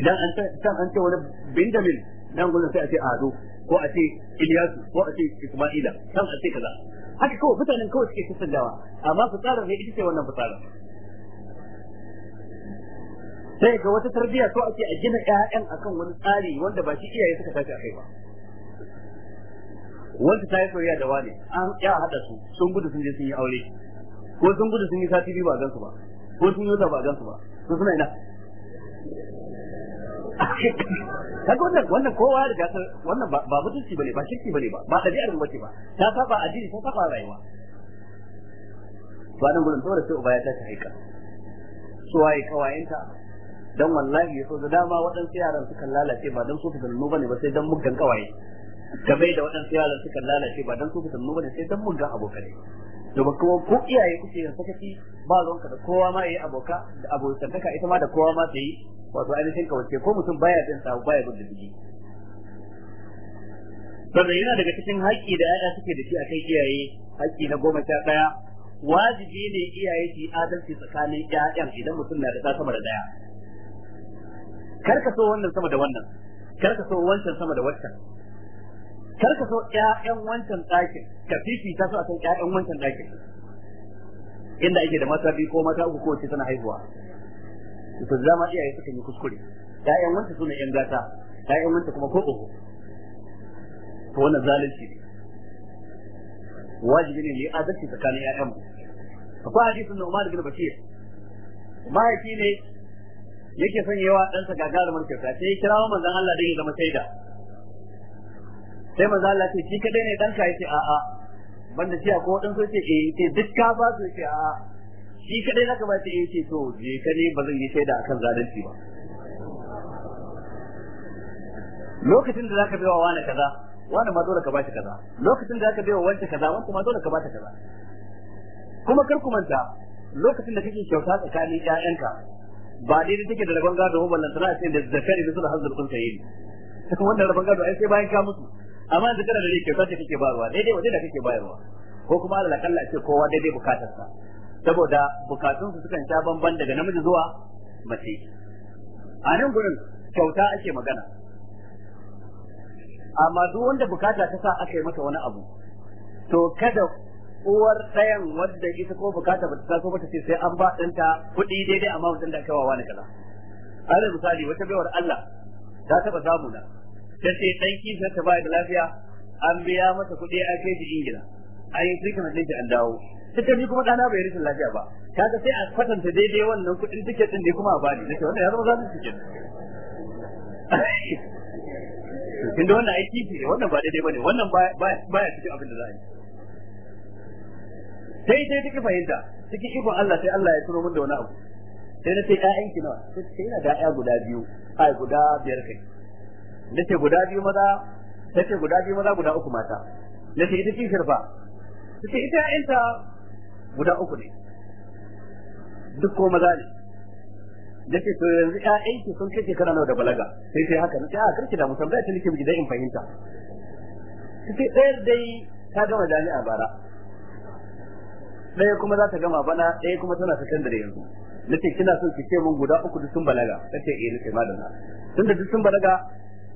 idan an san an ce wani benjamin nan gurin sai a ce ado ko a ce iliyasu ko a ce isma'ila san a ce kaza haka kawai mutanen kawai suke dawa amma fitsarar ne ita ce wannan fitsarar sai ga wata tarbiyya so ake a gina ƴaƴan akan wani tsari wanda ba shi iyaye suka tashi a kai ba wanda ta yi soyayya da wani an ya haɗa su sun gudu sun je sun yi aure ko sun gudu sun yi sati biyu ba gansu ba ko sun yi wata ba gansu ba sun suna ina kaga wannan wannan kowa ya riga wannan ba mutunci bane ba shirki bane ba ba dabi'ar mu bace ba ta saba addini ta saba rayuwa to anan gurin saboda sai uba ya tashi haika suwaye kawayenta dan wallahi so da dama waɗansu yaran sukan lalace ba dan su fitannu bane ba sai dan muggan kawaye game da waɗansu yaran sukan lalace ba dan su fitannu bane sai dan muggan abokai da kuma ko iyaye kuke yin sakaci ba ruwanka da kowa ma yayi aboka da abokantaka ita ma da kowa ma ta yi wato ainihin kawace ko mutum baya jin sa baya bin diddigi sannan yana daga cikin haƙƙi da 'ya'ya suke da shi a kai iyaye haƙƙi na goma sha ɗaya wajibi ne iyaye su yi adalci tsakanin 'ya'yan idan mutum na da ɗa sama da ɗaya kar ka so wannan sama da wannan kar ka so wancan sama da wancan kar ka so ƴaƴan wancan ɗakin ka so a akan ƴaƴan wancan ɗakin inda ake da mata biyu ko mata uku ko ce tana haihuwa to zama iyaye suka yi kuskure ƴaƴan wancan suna ƴan gata ƴaƴan wancan kuma ko uku to wannan zalunci wajibi ne yi adalci tsakanin ƴaƴan mu akwai hadisin da Umar bin Bashir mahaifi ne yake son yawa ɗansa gagarumar kyauta sai ya kirawo manzon Allah da ya zama shaida sai manzo Allah ce shi kadai ne danka yace a a banda shi akwai wadansu ce eh yace duk ka ba su yace a a shi kadai zaka ba ce eh yace to je ka ne ba zan yi shaida akan zalunci ba lokacin da zaka baiwa wani kaza wani ma dole ka ba shi kaza lokacin da zaka baiwa wancan kaza wanda ma dole ka ba ta kaza kuma kar ku manta lokacin da kake kyauta tsakanin ƴaƴanka ba da take da rabon gado ba lantana sai da zakari da sulhu hazzul kunta yayi wannan rabon gado ai sai bayan ka mutu amma yanzu kana da rai kyauta ce kake bayarwa daidai wajen da kake bayarwa ko kuma Allah kalla ce kowa daidai bukatarsa saboda bukatunsu sukan sha bamban daga namiji zuwa mace a nan gurin kyauta ake magana amma duk wanda bukata ta sa aka yi mata wani abu to kada uwar ɗayan wadda ita ko bukata ba ta taso ba ta ce sai an ba danta kuɗi daidai amma mutum da aka wawa kaza alal misali wata baiwar Allah ta taɓa samu na ta ce dan kifin ta ba da lafiya an biya mata kuɗi a kai da ingila an yi trikin ɗin ta an dawo ta ni kuma ɗana bai rashin lafiya ba ta ta sai a kwatanta daidai wannan kuɗin tiket ɗin ne kuma a bani na ce wannan ya zama zalunci tiket kin da wannan aiki ne wannan ba daidai ba ne wannan baya cikin abin da za a yi sai sai take fahimta cikin ikon Allah sai Allah ya turo min da wani abu sai na ce ƴaƴanki nawa sai ina da ƴaƴa guda biyu ai guda biyar kai nace guda biyu maza nace guda biyu maza guda uku mata nace ita ce shirfa nace ita ƴaƴanta guda uku ne duk ko maza ne nace to yanzu aiki sun kace kana nawa da balaga sai sai haka nace a karki da musamman da take miki da in fahimta sai ɗaya dai ta gama jami'a bara ɗaya kuma za ta gama bana ɗaya kuma tana sakandare yanzu nace kina son ki ce mun guda uku duk sun balaga nace eh nace madana tunda duk sun balaga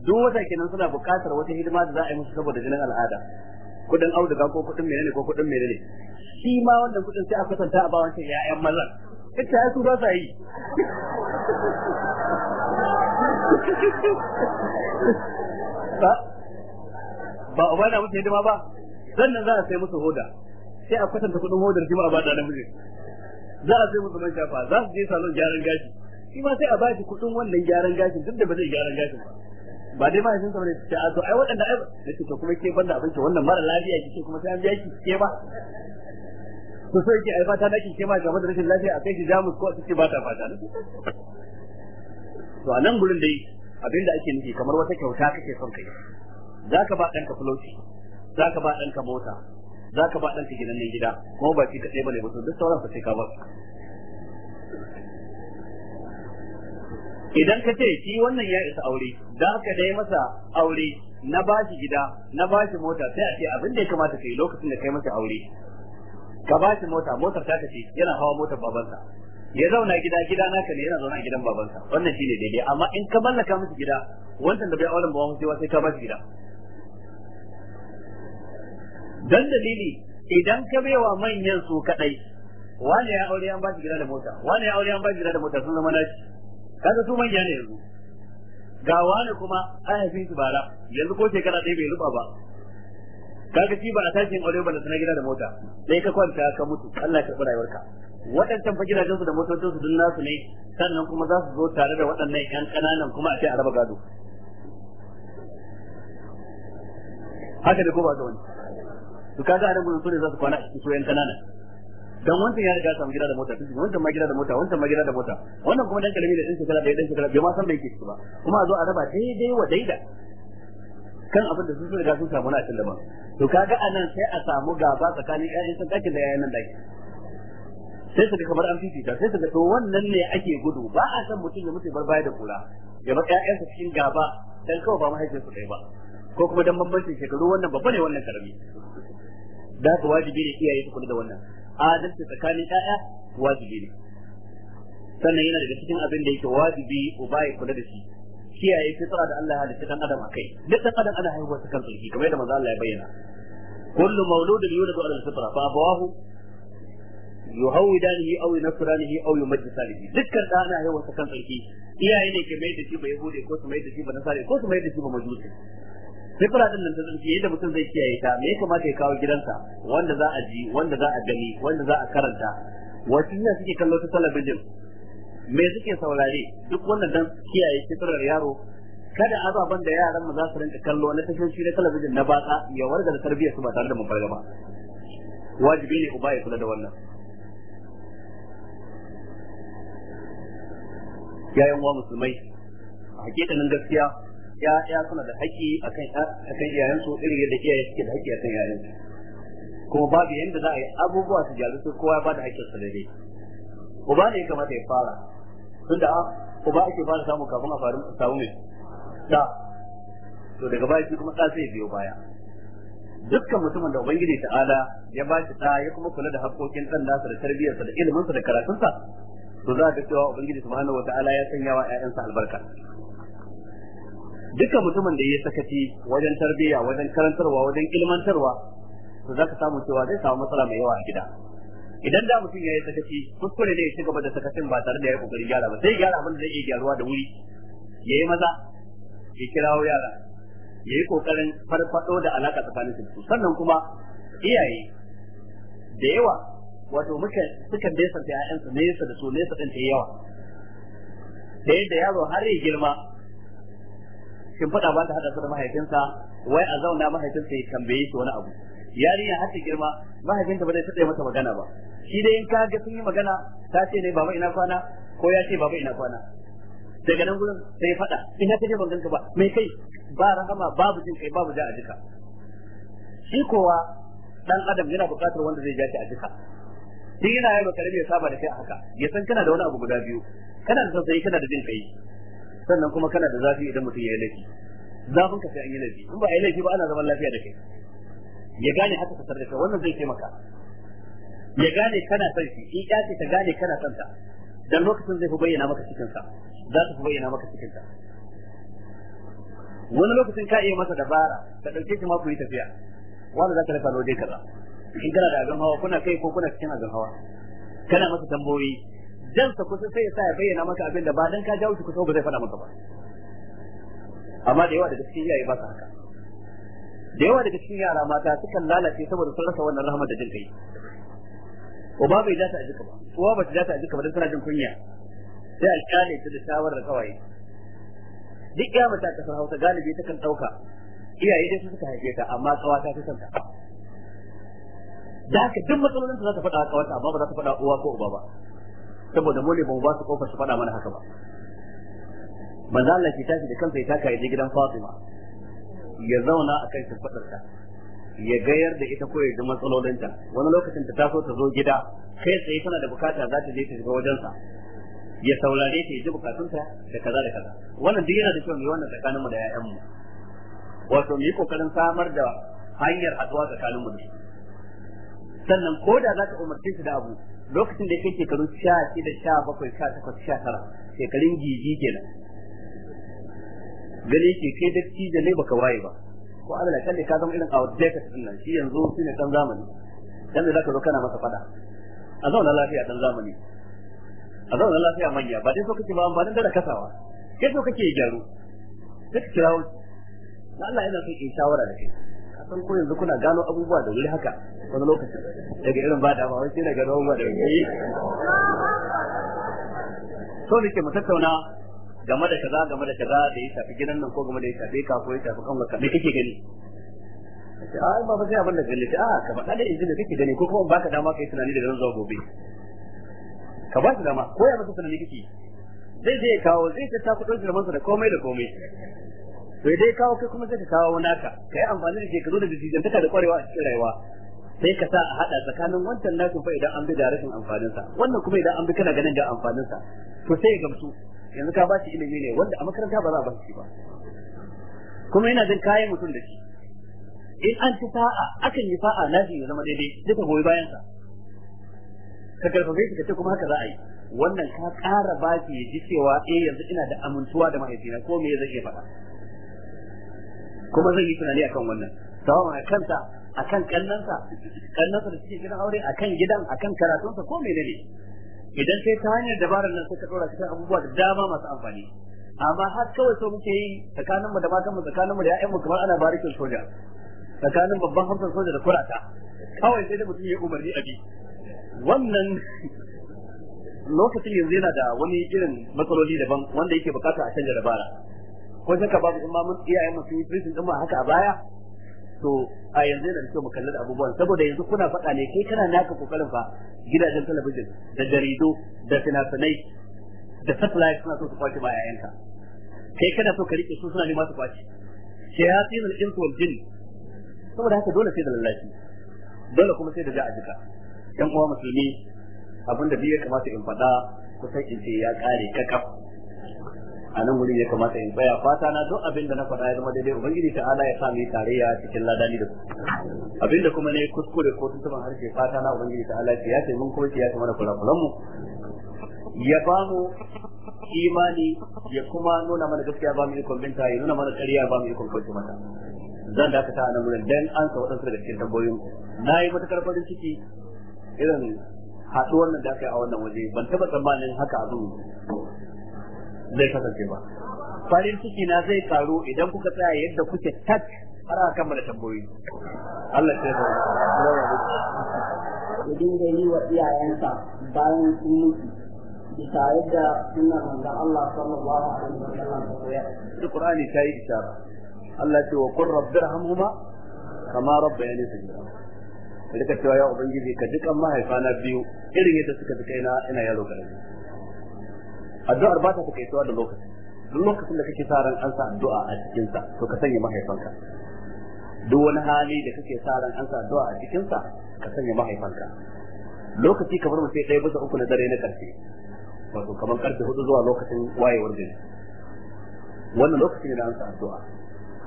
duk wata kenan suna buƙatar wata hidima da za a yi musu saboda jinin al'ada kudin auduga ko kudin menene ko kudin menene shi ma wannan kudin sai a kwatanta a bawan sai ya'yan mazan ita su ba sa yi ba a bada musu hidima ba sannan za a sai musu hoda sai a kwatanta kudin hodar shi ma a bada namiji za a sai musu man shafa za su je salon gyaran gashi shi ma sai a ba shi kudin wannan gyaran gashin duk da ba zai gyaran gashin ba ba dai mahaifin sa bane ce a to ai waɗanda ai nace to kuma ke banda abinci wannan mara lafiya kike kuma sai an biya ki ke ba to sai ki ai fata nake ke ma game da rashin lafiya a kai ki jamus ko kike ba ta fata to a nan gurin dai abinda ake nufi kamar wata kyauta kake son kai zaka ba ɗanka za zaka ba danka mota zaka ba danka gidan gida kuma ba ki kaɗai bane ba to duk sauran fa sai ka ba idan ka ce shi wannan ya isa aure da ka dai masa aure na bashi gida na bashi mota sai a ce abin da ya kamata kai lokacin da kai masa aure ka bashi mota motar ta ce yana hawa motar babansa ya zauna gida gida ka ne yana zauna gidan babansa wannan shine daidai amma in ka mallaka masa gida wancan da bai auren ba wani sai ka bashi gida dan dalili idan ka baiwa manyan su kadai wani ya aure an bashi gida da mota wani ya aure an bashi gida da mota sun zama nashi kaga su manya ne yanzu ga wani kuma an haife shi bara yanzu ko shekara ɗaya bai ruba ba kaga shi ba a tashin aure ba da suna gida da mota sai ka kwanta ka mutu Allah ya karɓi rayuwarka waɗancan fa gidajensu da motocinsu dun nasu ne sannan kuma za su zo tare da waɗannan ƴan ƙananan kuma a ce a raba gado haka da ko ba ga wani to kaga anan gurin su ne za su kwana a cikin su ƴan ƙananan dan wancan ya riga samu gida da mota tun wancan ma gida da mota wancan ma gida da mota wannan kuma dan kalmi da din shekara da dan shekara bai ma san bai yake ba kuma a zo a raba daidai wa daida kan abin da sun riga sun samu na cikin ba to kaga anan sai a samu gaba tsakanin ƴaƴan sun dakin da ƴaƴan nan daki sai su ga kamar an fifita sai su ga to wannan ne ake gudu ba a san mutum ya mutu bar baya da kula ya bar ƴaƴansa cikin gaba dan kawai ba su kai ba ko kuma dan bambancin shekaru wannan babba ne wannan karami da haka wajibi ne iyaye su kula da wannan adalci tsakanin ƴaƴa wajibi ne sannan yana daga cikin abin da yake wajibi uba ya kula da shi kiyaye fitra da Allah ya halitta kan adam akai duk dan adam ana haihuwa ta kan tsarki kamar yadda manzo Allah ya bayyana kullu mawludin yuladu ala fitra fa abawahu yuhawidanihi aw yunfiranihi aw yumajjisanihi dukkan da ana haihuwa ta kan tsarki iyaye ne ke mai da shi ba yahudi ko su mai da shi ba nasare ko su mai da shi ba majusi sifira din nan ta zanci yadda mutum zai kiyaye ta me ya kamata ya kawo gidansa wanda za a ji wanda za a gani wanda za a karanta wasu ina suke kallo ta talabijin me suke saurare duk wannan dan kiyaye sifirar yaro kada azaban da yaran mu za su rinka kallo na tashoshi na talabijin na batsa ya warga da tarbiyyar su ba tare da mun farga ba wajibi ne uba ya kula da wannan yayin wa musulmai hakikanin gaskiya ya suna da haƙƙi akan akan su irin yadda iyaye suke da haƙƙi akan su kuma babu yanda za a yi abubuwa su jaru su kowa ba da haƙƙin su daidai uba ne ya kamata ya fara tunda uba ake fara samu kafin a faru samu ne da to daga baya kuma ɗa sai biyo baya dukkan mutumin da ubangiji ta'ala ya ba shi ta ya kuma kula da haƙƙoƙin ɗan nasa da tarbiyyarsa da iliminsa da karatunsa to za ka cewa ubangiji subhanahu wataala ya sanya wa ƴaƴansa albarka duka mutumin da ya sakaci wajen tarbiyya wajen karantarwa wajen ilmantarwa to zaka samu cewa zai samu matsala mai yawa a gida idan da mutum ya yi sakaci kuskure ne ya ci gaba da sakacin ba tare da ya kokarin gyara ba sai gyara abin da zai iya gyaruwa da wuri ya yi maza ya kirawo yara ya yi kokarin farfado da alaka tsakanin su sannan kuma iyaye da yawa wato muka sukan nesa da 'ya'yansu nesa da su nesa ɗin ta yawa da yadda yaro har ya girma faɗa ba ta haɗa su da mahaifinsa wai a zauna mahaifinsa ya tambaye shi wani abu yarinya har ta girma mahaifinta ba zai taɓa mata magana ba shi dai in ka ga sun yi magana ta ce ne baba ina kwana ko ya ce baba ina kwana daga nan gurin sai faɗa ina ka je ban ka ba mai kai ba rahama babu jin kai babu ja a jika shi kowa dan adam yana buƙatar wanda zai ja shi a jika shi yana yi ba karami ya saba da kai a haka ya san kana da wani abu guda biyu kana da tausayi kana da jin kai sannan kuma kana da zafi idan mutum ya yi laifi zafin ka sai an yi laifi in ba a yi laifi ba ana zaman lafiya da kai ya gane haka ka kai wannan zai taimaka ya gane kana son shi in ya ce ta gane kana son ta dan lokacin zai fi bayyana maka cikin sa za ta fi bayyana maka cikin sa wani lokacin ka iya masa dabara ka dauke shi ma ku yi tafiya wanda za ka rufa waje kaza in kana da abin hawa kuna kai ko kuna cikin abin hawa kana masa tambayoyi jansa kusa sai ya sa ya bayyana maka abin da ba dan ka jawo shi kusa ba zai faɗa maka ba amma da yawa daga cikin iyaye ba su haka da yawa daga cikin yara mata sukan lalace saboda sun rasa wannan rahama da jin kai uba bai dace a jika ba uwa ba ta dace a jika ba dan tana jin kunya sai a kyale ta da shawarar kawai duk ya mata kasar Hausa galibi ta kan dauka iyaye dai suka haife ta amma tsawa ta fi son ta da haka duk matsalolin ta za ta faɗa kawata amma ba za ta faɗa uwa ko uba ba saboda mole ba mu ba su kofar su faɗa mana haka ba manzo Allah ki tashi da kansa ya taka ya je gidan Fatima ya zauna a kan ta ya gayar da ita ko ya ji matsalolinta wani lokacin ta taso ta zo gida kai tsaye tana da bukata za ta je ta shiga sa ya saurare ta ya ji bukatunta da kaza da kaza wannan duk yana da kyau mai wannan tsakanin mu da mu wato mu yi kokarin samar da hanyar haɗuwa tsakanin mu da sannan ko da za ka umarce shi da abu lokacin da yake shekaru 16 17 18 19 shekarun jiji kenan gani ke kai dattijo ne baka waye ba ko Allah kalle ka zama irin da din nan shi yanzu shine kan zamani dan da zaka zo kana masa fada a zauna lafiya dan zamani a zauna lafiya manya ba dai so kake ba amma dan da kasawa kai so kake gyaru kake kirawo Allah yana so in shawara da kai san ko yanzu kuna gano abubuwa da wuri haka wani lokaci daga irin ba dama wani shine na gano abubuwa da wuri so ke mu tattauna game da kaza game da kaza da ya shafi gidan nan ko game da ya shafi ka ko ya shafi kan ka me kake gani a ba sai abin da gani a ka faɗa da injin da kake gani ko kuma baka dama kai tunani da ran zuwa gobe ka ba shi dama ko ya masa tunani kake zai zai kawo zai ta ta kudin da komai da komai to dai kawo kai kuma sai ka kawo naka kai amfani da shekaru da dijijantaka da kwarewa a cikin rayuwa sai ka sa a hada tsakanin wancan nakin fa idan an bi da rashin amfanin sa wannan kuma idan an bi kana ganin da amfanin sa to sai ya gamsu yanzu ka ba shi ilimi ne wanda a makaranta ba za a ba shi ba kuma yana jin kayan mutum da shi in an ci sa'a akan yi sa'a na ya zama daidai duka goyi bayan sa ka karfafe shi ka ce kuma haka za a yi wannan ka kara ba shi ya ji cewa eh yanzu ina da amintuwa da mahaifina ko me zai faɗa kuma zai yi tunani akan wannan sawa a kansa akan kannansa kannansa da suke gidan aure akan gidan akan karatunsa ko ne. idan sai ta hanyar dabarar nan suka dora cikin abubuwa da dama masu amfani amma har kawai so muke yi tsakaninmu da matan tsakaninmu da 'ya'yanmu kamar ana barikin soja tsakanin babban hamsan soja da kurata kawai sai da mutum ya umarni abi wannan lokacin yanzu yana da wani irin matsaloli daban wanda yake bukata a canja dabara ko ka babu kuma mun iyayen mu sun yi treating din ma haka a baya to a yanzu yana da kyau mu kalli abubuwan saboda yanzu kuna faɗa ne kai kana naka kokarin fa gidajen talabijin da jaridu da finafinai da satellite suna so su kwace ma yayanka kai kana so ka rike su suna nema su kwace shayatinul insu wal jinn saboda haka dole sai da lallashi dole kuma sai da za a jika yan uwa musulmi abinda da ya kamata in faɗa kusan in ce ya kare kakaf a nan wurin ya kamata in tsaya fata na duk abin da na faɗa ya zama daidai ubangiji ta ala ya sa mu tarayya cikin ladani da abin da kuma ne kuskure ko tuntuban harshe fata na ubangiji ta ala ya ce mun kuma ya kamata kula kulan mu ya ba mu imani ya kuma nuna mana gaskiya ba mu ikon binta ya nuna mana ƙarya ba mu ikon kwanci mata zan dakata a nan wurin dan an sa waɗansu daga cikin tambayoyin na yi matakar farin ciki irin haɗuwar nan da aka yi a wannan waje ban taɓa tsammanin haka abin zai kasance ba farin ciki na zai karu idan kuka tsaya yadda kuke tak har aka kammala tambayoyi Allah ya ya da yi wa iyayensa bayan sun mutu bisa yadda sunan manzon Allah sallallahu alaihi sallam ta koyar Qur'ani ta yi isara Allah ce wa qur rabbirhamhuma kama rabbayani sagira rika cewa ya ubangiji ka dukan mahaifana biyu irin yadda suka duka ina ina yaro karami addu'ar ba ta takaitowa da lokaci duk lokacin da kake sa ran an sa addu'a a cikin sa to ka sanya mahaifanka duk wani hali da kake sa ran an sa addu'a a cikin sa ka sanya mahaifanka lokaci kamar mutum ɗaya bisa uku na dare na karfe wato kamar karfe hudu zuwa lokacin wayewar gari wannan lokacin da an sa addu'a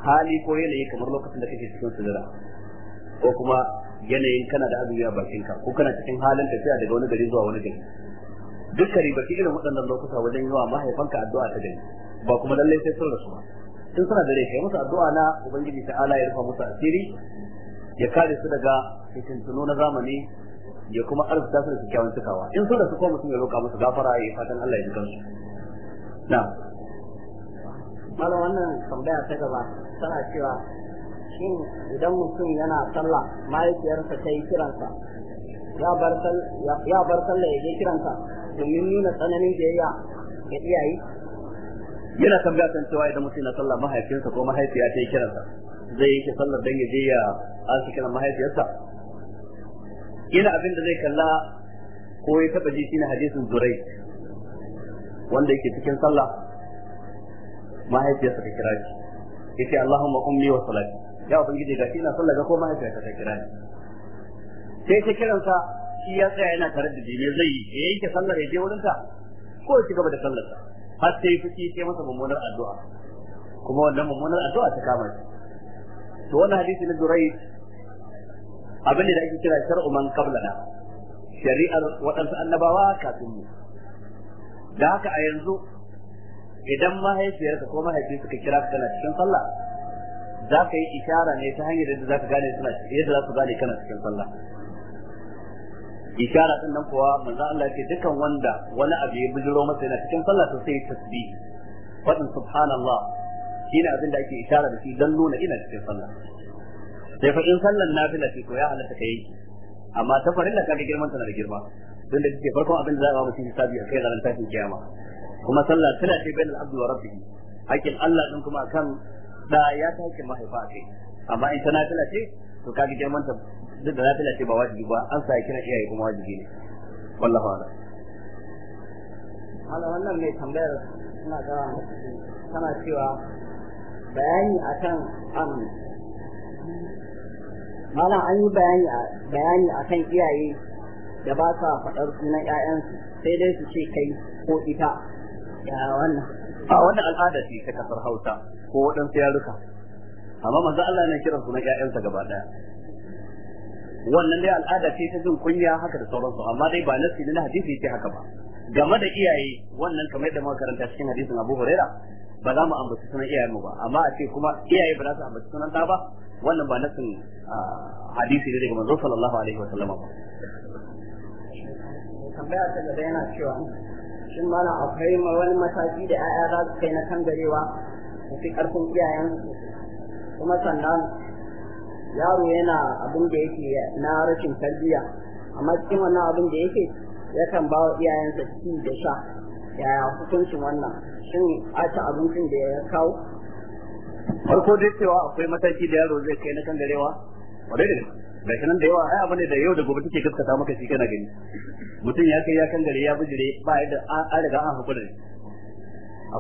hali ko yanayi kamar lokacin da kake cikin sujada ko kuma yanayin kana da azumi a bakinka ko kana cikin halin tafiya daga wani gari zuwa wani gari dukkan ke irin waɗannan lokuta wajen yi wa mahaifanka addu'a ta gani ba kuma lalle sai sun rasu ba sun suna da rai musu addu'a na ubangiji ta ala ya rufa musu asiri ya kare su daga fitintunu na zamani ya kuma arzuta su da kyakkyawan cikawa in sun rasu ko mutum ya roƙa musu gafara ya yi fatan Allah ya ji kansu na mana wannan tambaya ta gaba tana cewa shin idan mutum yana sallah mahaifiyarsa ta yi kiransa ya bar sallah ya je kiransa domin nuna tsananin biyayya ga iyaye yana tambaya kan cewa idan mutum na sallah mahaifinsa ko mahaifiya ta yi kiransa zai yi sallar dan ya je ya ansa kiran mahaifiyarsa ina abin da zai kalla ko ya taba ji shine hadisin zurai wanda yake cikin sallah mahaifiyarsa ta kira shi yace Allahumma ummi wa salati ya ubangiji ga shi na sallah ga ko mahaifiyarsa ta kira shi sai ta kiransa shi ya tsaya yana tare da jini zai yi ya yanke sallar ya je wurin ta ko ya gaba da sallar har sai fushi sai masa mummunar addu'a kuma wannan mummunar addu'a ta kama shi to wannan hadisi na durai abin da ake kira shar'u man qablana shari'ar waɗansu annabawa kafin mu da haka a yanzu idan mahaifiyarka ko mahaifi suka kira ka kana cikin sallah za ka yi ishara ne ta hanyar da za ka gane suna yadda za su gane kana cikin sallah ishara din nan kuwa manzo Allah ya ce dukan wanda wani abu ya bujiro masa yana cikin sallah to sai tasbih fadin subhanallah shine abin da ake ishara da shi dan nuna ina cikin sallah sai fa in sallan nafila ce to ya halatta kai amma ta farilla ka da girman tana da girma don da kike farkon abin da za a ba mutum hisabi a kai ranar tashin kiyama kuma sallah tana ce bainal abdu wa rabbih hakkin Allah din kuma kan da ya ta hakkin mahaifa kai amma in tana tana ce to ka girman ta duk da nafila ce ba wajibi ba an sa kiran iyaye kuma wajibi ne wallahi wala hala wannan mai tambayar suna ga kana cewa bayani akan an malam an yi bayani bayani akan iyaye da ba sa faɗar sunan ƴaƴansu sai dai su ce kai ko ita ya wannan a wannan al'ada ce ta kasar Hausa ko waɗansu yaruka amma manzo Allah ne kiran sunan ƴaƴansa gaba ɗaya wannan dai al'ada ce ta jin kunya haka da sauransu amma dai ba nasi na hadisi ce haka ba game da iyaye wannan kamar yadda muka karanta cikin hadisin Abu Huraira ba za mu ambaci sunan iyayen mu ba amma a ce kuma iyaye ba za su ambaci sunan ta ba wannan ba nasin hadisi ne daga manzo sallallahu alaihi wa sallama ba tambaya ta gaba yana cewa shin mana akwai wani mataki da 'ya'ya za su kai na kangarewa su fi karfin iyayen kuma sannan yaro yana abin da yake na rashin tarbiyya amma cikin wannan abin da yake kan ba wa iyayensa ci da sha yaya hukuncin wannan shin a ci abincin da ya kawo farko dai cewa akwai mataki da yaro zai kai na kan garewa wadai da ga shi nan da yawa ai abin da yau da gobe take gaskata maka shi kana gani mutum ya kai ya kan gare ya bijire ba yadda an riga an hakura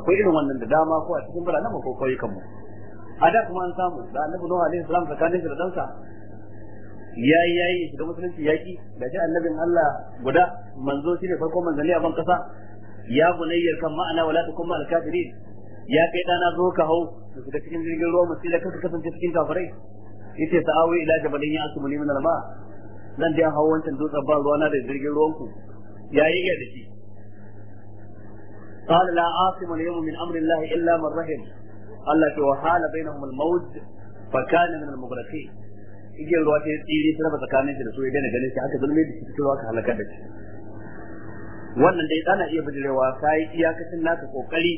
akwai irin wannan da dama ko a cikin biranen ko kawai mu a da kuma an samu da annabi nuhu alaihi salam tsakanin da dansa yayi yayi shiga musulunci yaki da shi annabin Allah guda manzo shi ne farkon manzali a ban kasa ya bunayyar kan ma'ana wala takum ma'al kafirin ya kai dana zo ka hau da da cikin jirgin ruwa musila ka kasance cikin kafirai yace sa'awi ila jabalin ya asmuni min al-ma zan dai hau wancan dutsen ba ruwa na da jirgin ku yayi ya da shi قال لا عاصم اليوم من امر الله الا من رحم Allah ce wa hala bainahum al-maut fa kana min al-mughraqin igiyar ruwa ta tsire ta raba tsakanin shi da su ya gane ganin shi aka zulme da shi ruwa ka halakar da shi wannan dai ana iya bijirewa kai iyakacin naka kokari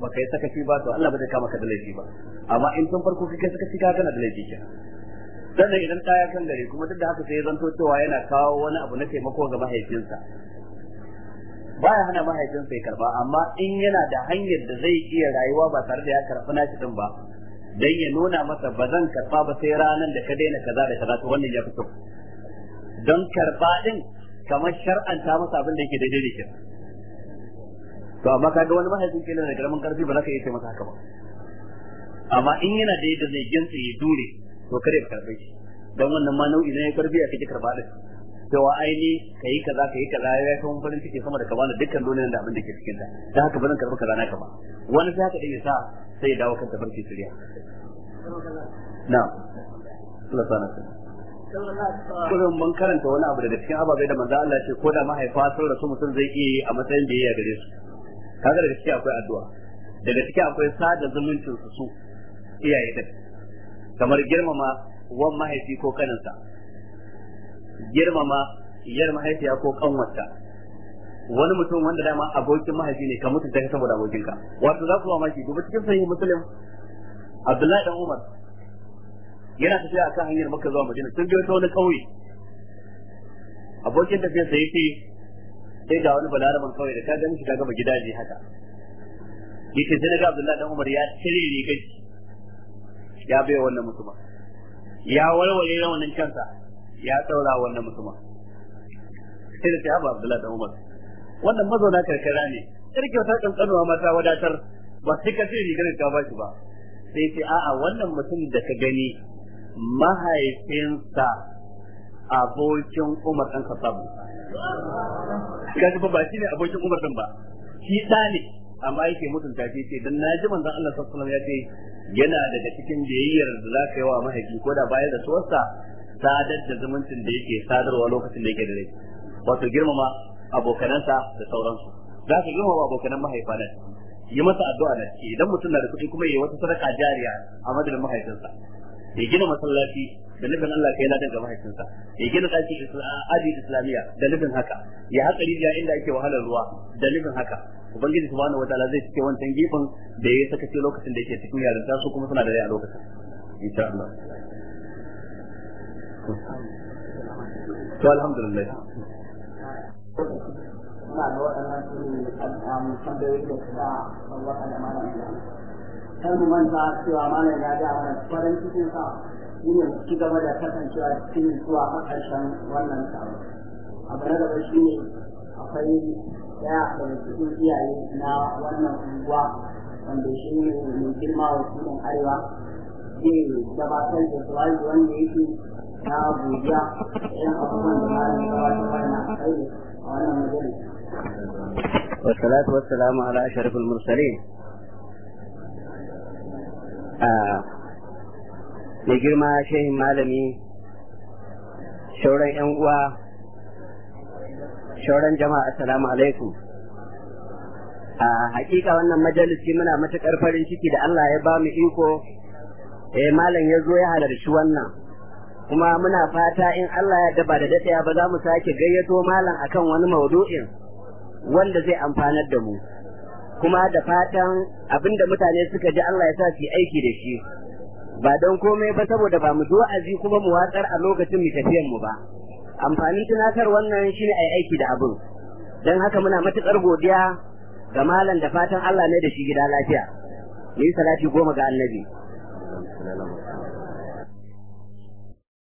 baka yi sakaci ba to Allah ba zai kama ka da laifi ba amma in tun farko kake sakaci ka kana da laifi kenan sannan idan ta ya kan gare kuma duk da haka sai ya zanto cewa yana kawo wani abu na taimako ga mahaifinsa baya hana mahaifinsa ya karba amma in yana da hanyar da zai iya rayuwa ba tare da ya karfi nashi din ba dan ya nuna masa ba zan karba ba sai ranar da ka daina kaza da kaza to wannan ya fito don karba din kamar shar'anta masa abin da yake daidai da shi to amma kaga wani mahaifin ke da karamin karfi ba za ka iya ce masa haka ba amma in yana da yadda zai gintsa ya dure to kare ka karbe shi don wannan ma nau'i ne ya karbi a kake karba din cewa aini ka yi kaza ka yi kaza ya kawo farin ciki sama da ka bani dukkan duniyar da abin da ke cikinta ta haka bazan karɓi kaza na kaba wani sai haka ɗaya sa sai ya dawo kanta farki shirya na'am Allah sana kullum mun karanta wani abu daga cikin ababai da manzo Allah ce ko da mahaifa sun rasu mutum zai iya yi a matsayin da ya gare su kaga daga ciki akwai addu'a daga ciki akwai sada zumuncin su su iyaye da kamar girmama wan mahaifi ko kaninsa girmama yar mahaifiya ko kanwarta wani mutum wanda dama abokin mahaifi ne ka mutu daga saboda abokinka wato za ku ba maki gobe cikin sahih muslim Abdullahi dan Umar yana tafiya akan hanyar Makka zuwa Madina sun je wani kauye abokin tafiya sai yace sai ga wani balaraban kauye da ka gani shi kaga gidaje haka yake sai ga Abdullahi dan Umar ya cire rigar ya bai wannan mutum ya warware rawanin kansa ya tsaura wannan mutumin sai da ta ba Abdullah da Umar wannan mazauna karkara ne kirkiyar ta kankanuwa mata wadatar ba su ka sai rigar ta bashi ba sai ce a'a wannan mutum da ka gani mahaifinsa abokin Umar dan ka ji ba shi ne abokin Umar din ba shi ɗa ne amma yake mutunta shi ce dan naji manzon Allah sallallahu alaihi wasallam ya ce yana daga cikin biyayyar da za ka yi wa mahaifi ko da bayar da suwarsa sadar da zumuncin da yake sadarwa lokacin da yake da rai wato girmama abokanansa da sauransu za ka girmama abokanan mahaifa nan yi masa addu'a da shi idan mutum na da kuɗi kuma yi wata sadaka jariya a madadin mahaifinsa ya gina masallaci da nufin Allah kai ladan ga mahaifinsa ya gina ɗaki adi islamiyya da nufin haka ya haka rijiya inda ake wahalar ruwa da nufin haka ubangiji subhanahu wataala zai cike wancan gifin da ya saka ce lokacin da yake cikin yarinta su kuma suna da rai a lokacin insha Allah to alhamdulillah kan um, manta cewa malam ya ga mana farin cikin sa yin ci gaba da kasancewa cikin zuwa a ƙarshen wannan sabo A na gaba shi ne akwai daya da cikin iyaye na wannan unguwa wanda shi ne mai girma wa arewa zai gabatar da suwali wanda yake na abuja yan abubuwan da ya wata kai a wannan majalisa والصلاة والسلام على أشرف المرسلين mai girma shehin malami shauran 'yan uwa shauran jama'a salamu alaikum a hakika wannan majalisi muna matuƙar farin ciki da Allah ya ba mu iko eh malam ya zo ya halarci wannan kuma muna fata in Allah ya daba da daɗaya ba za mu sake gayyato malam akan wani maudu'in wanda zai amfanar da mu kuma da fatan abinda mutane suka ji Allah ya sa su aiki da shi ba don komai ba saboda ba mu zo aji kuma mu watsar a lokacin mu tafiyan mu ba amfanin tunatar wannan shine ai aiki da abin don haka muna matukar godiya ga malam da fatan Allah ne da shi gida lafiya ni salati goma ga annabi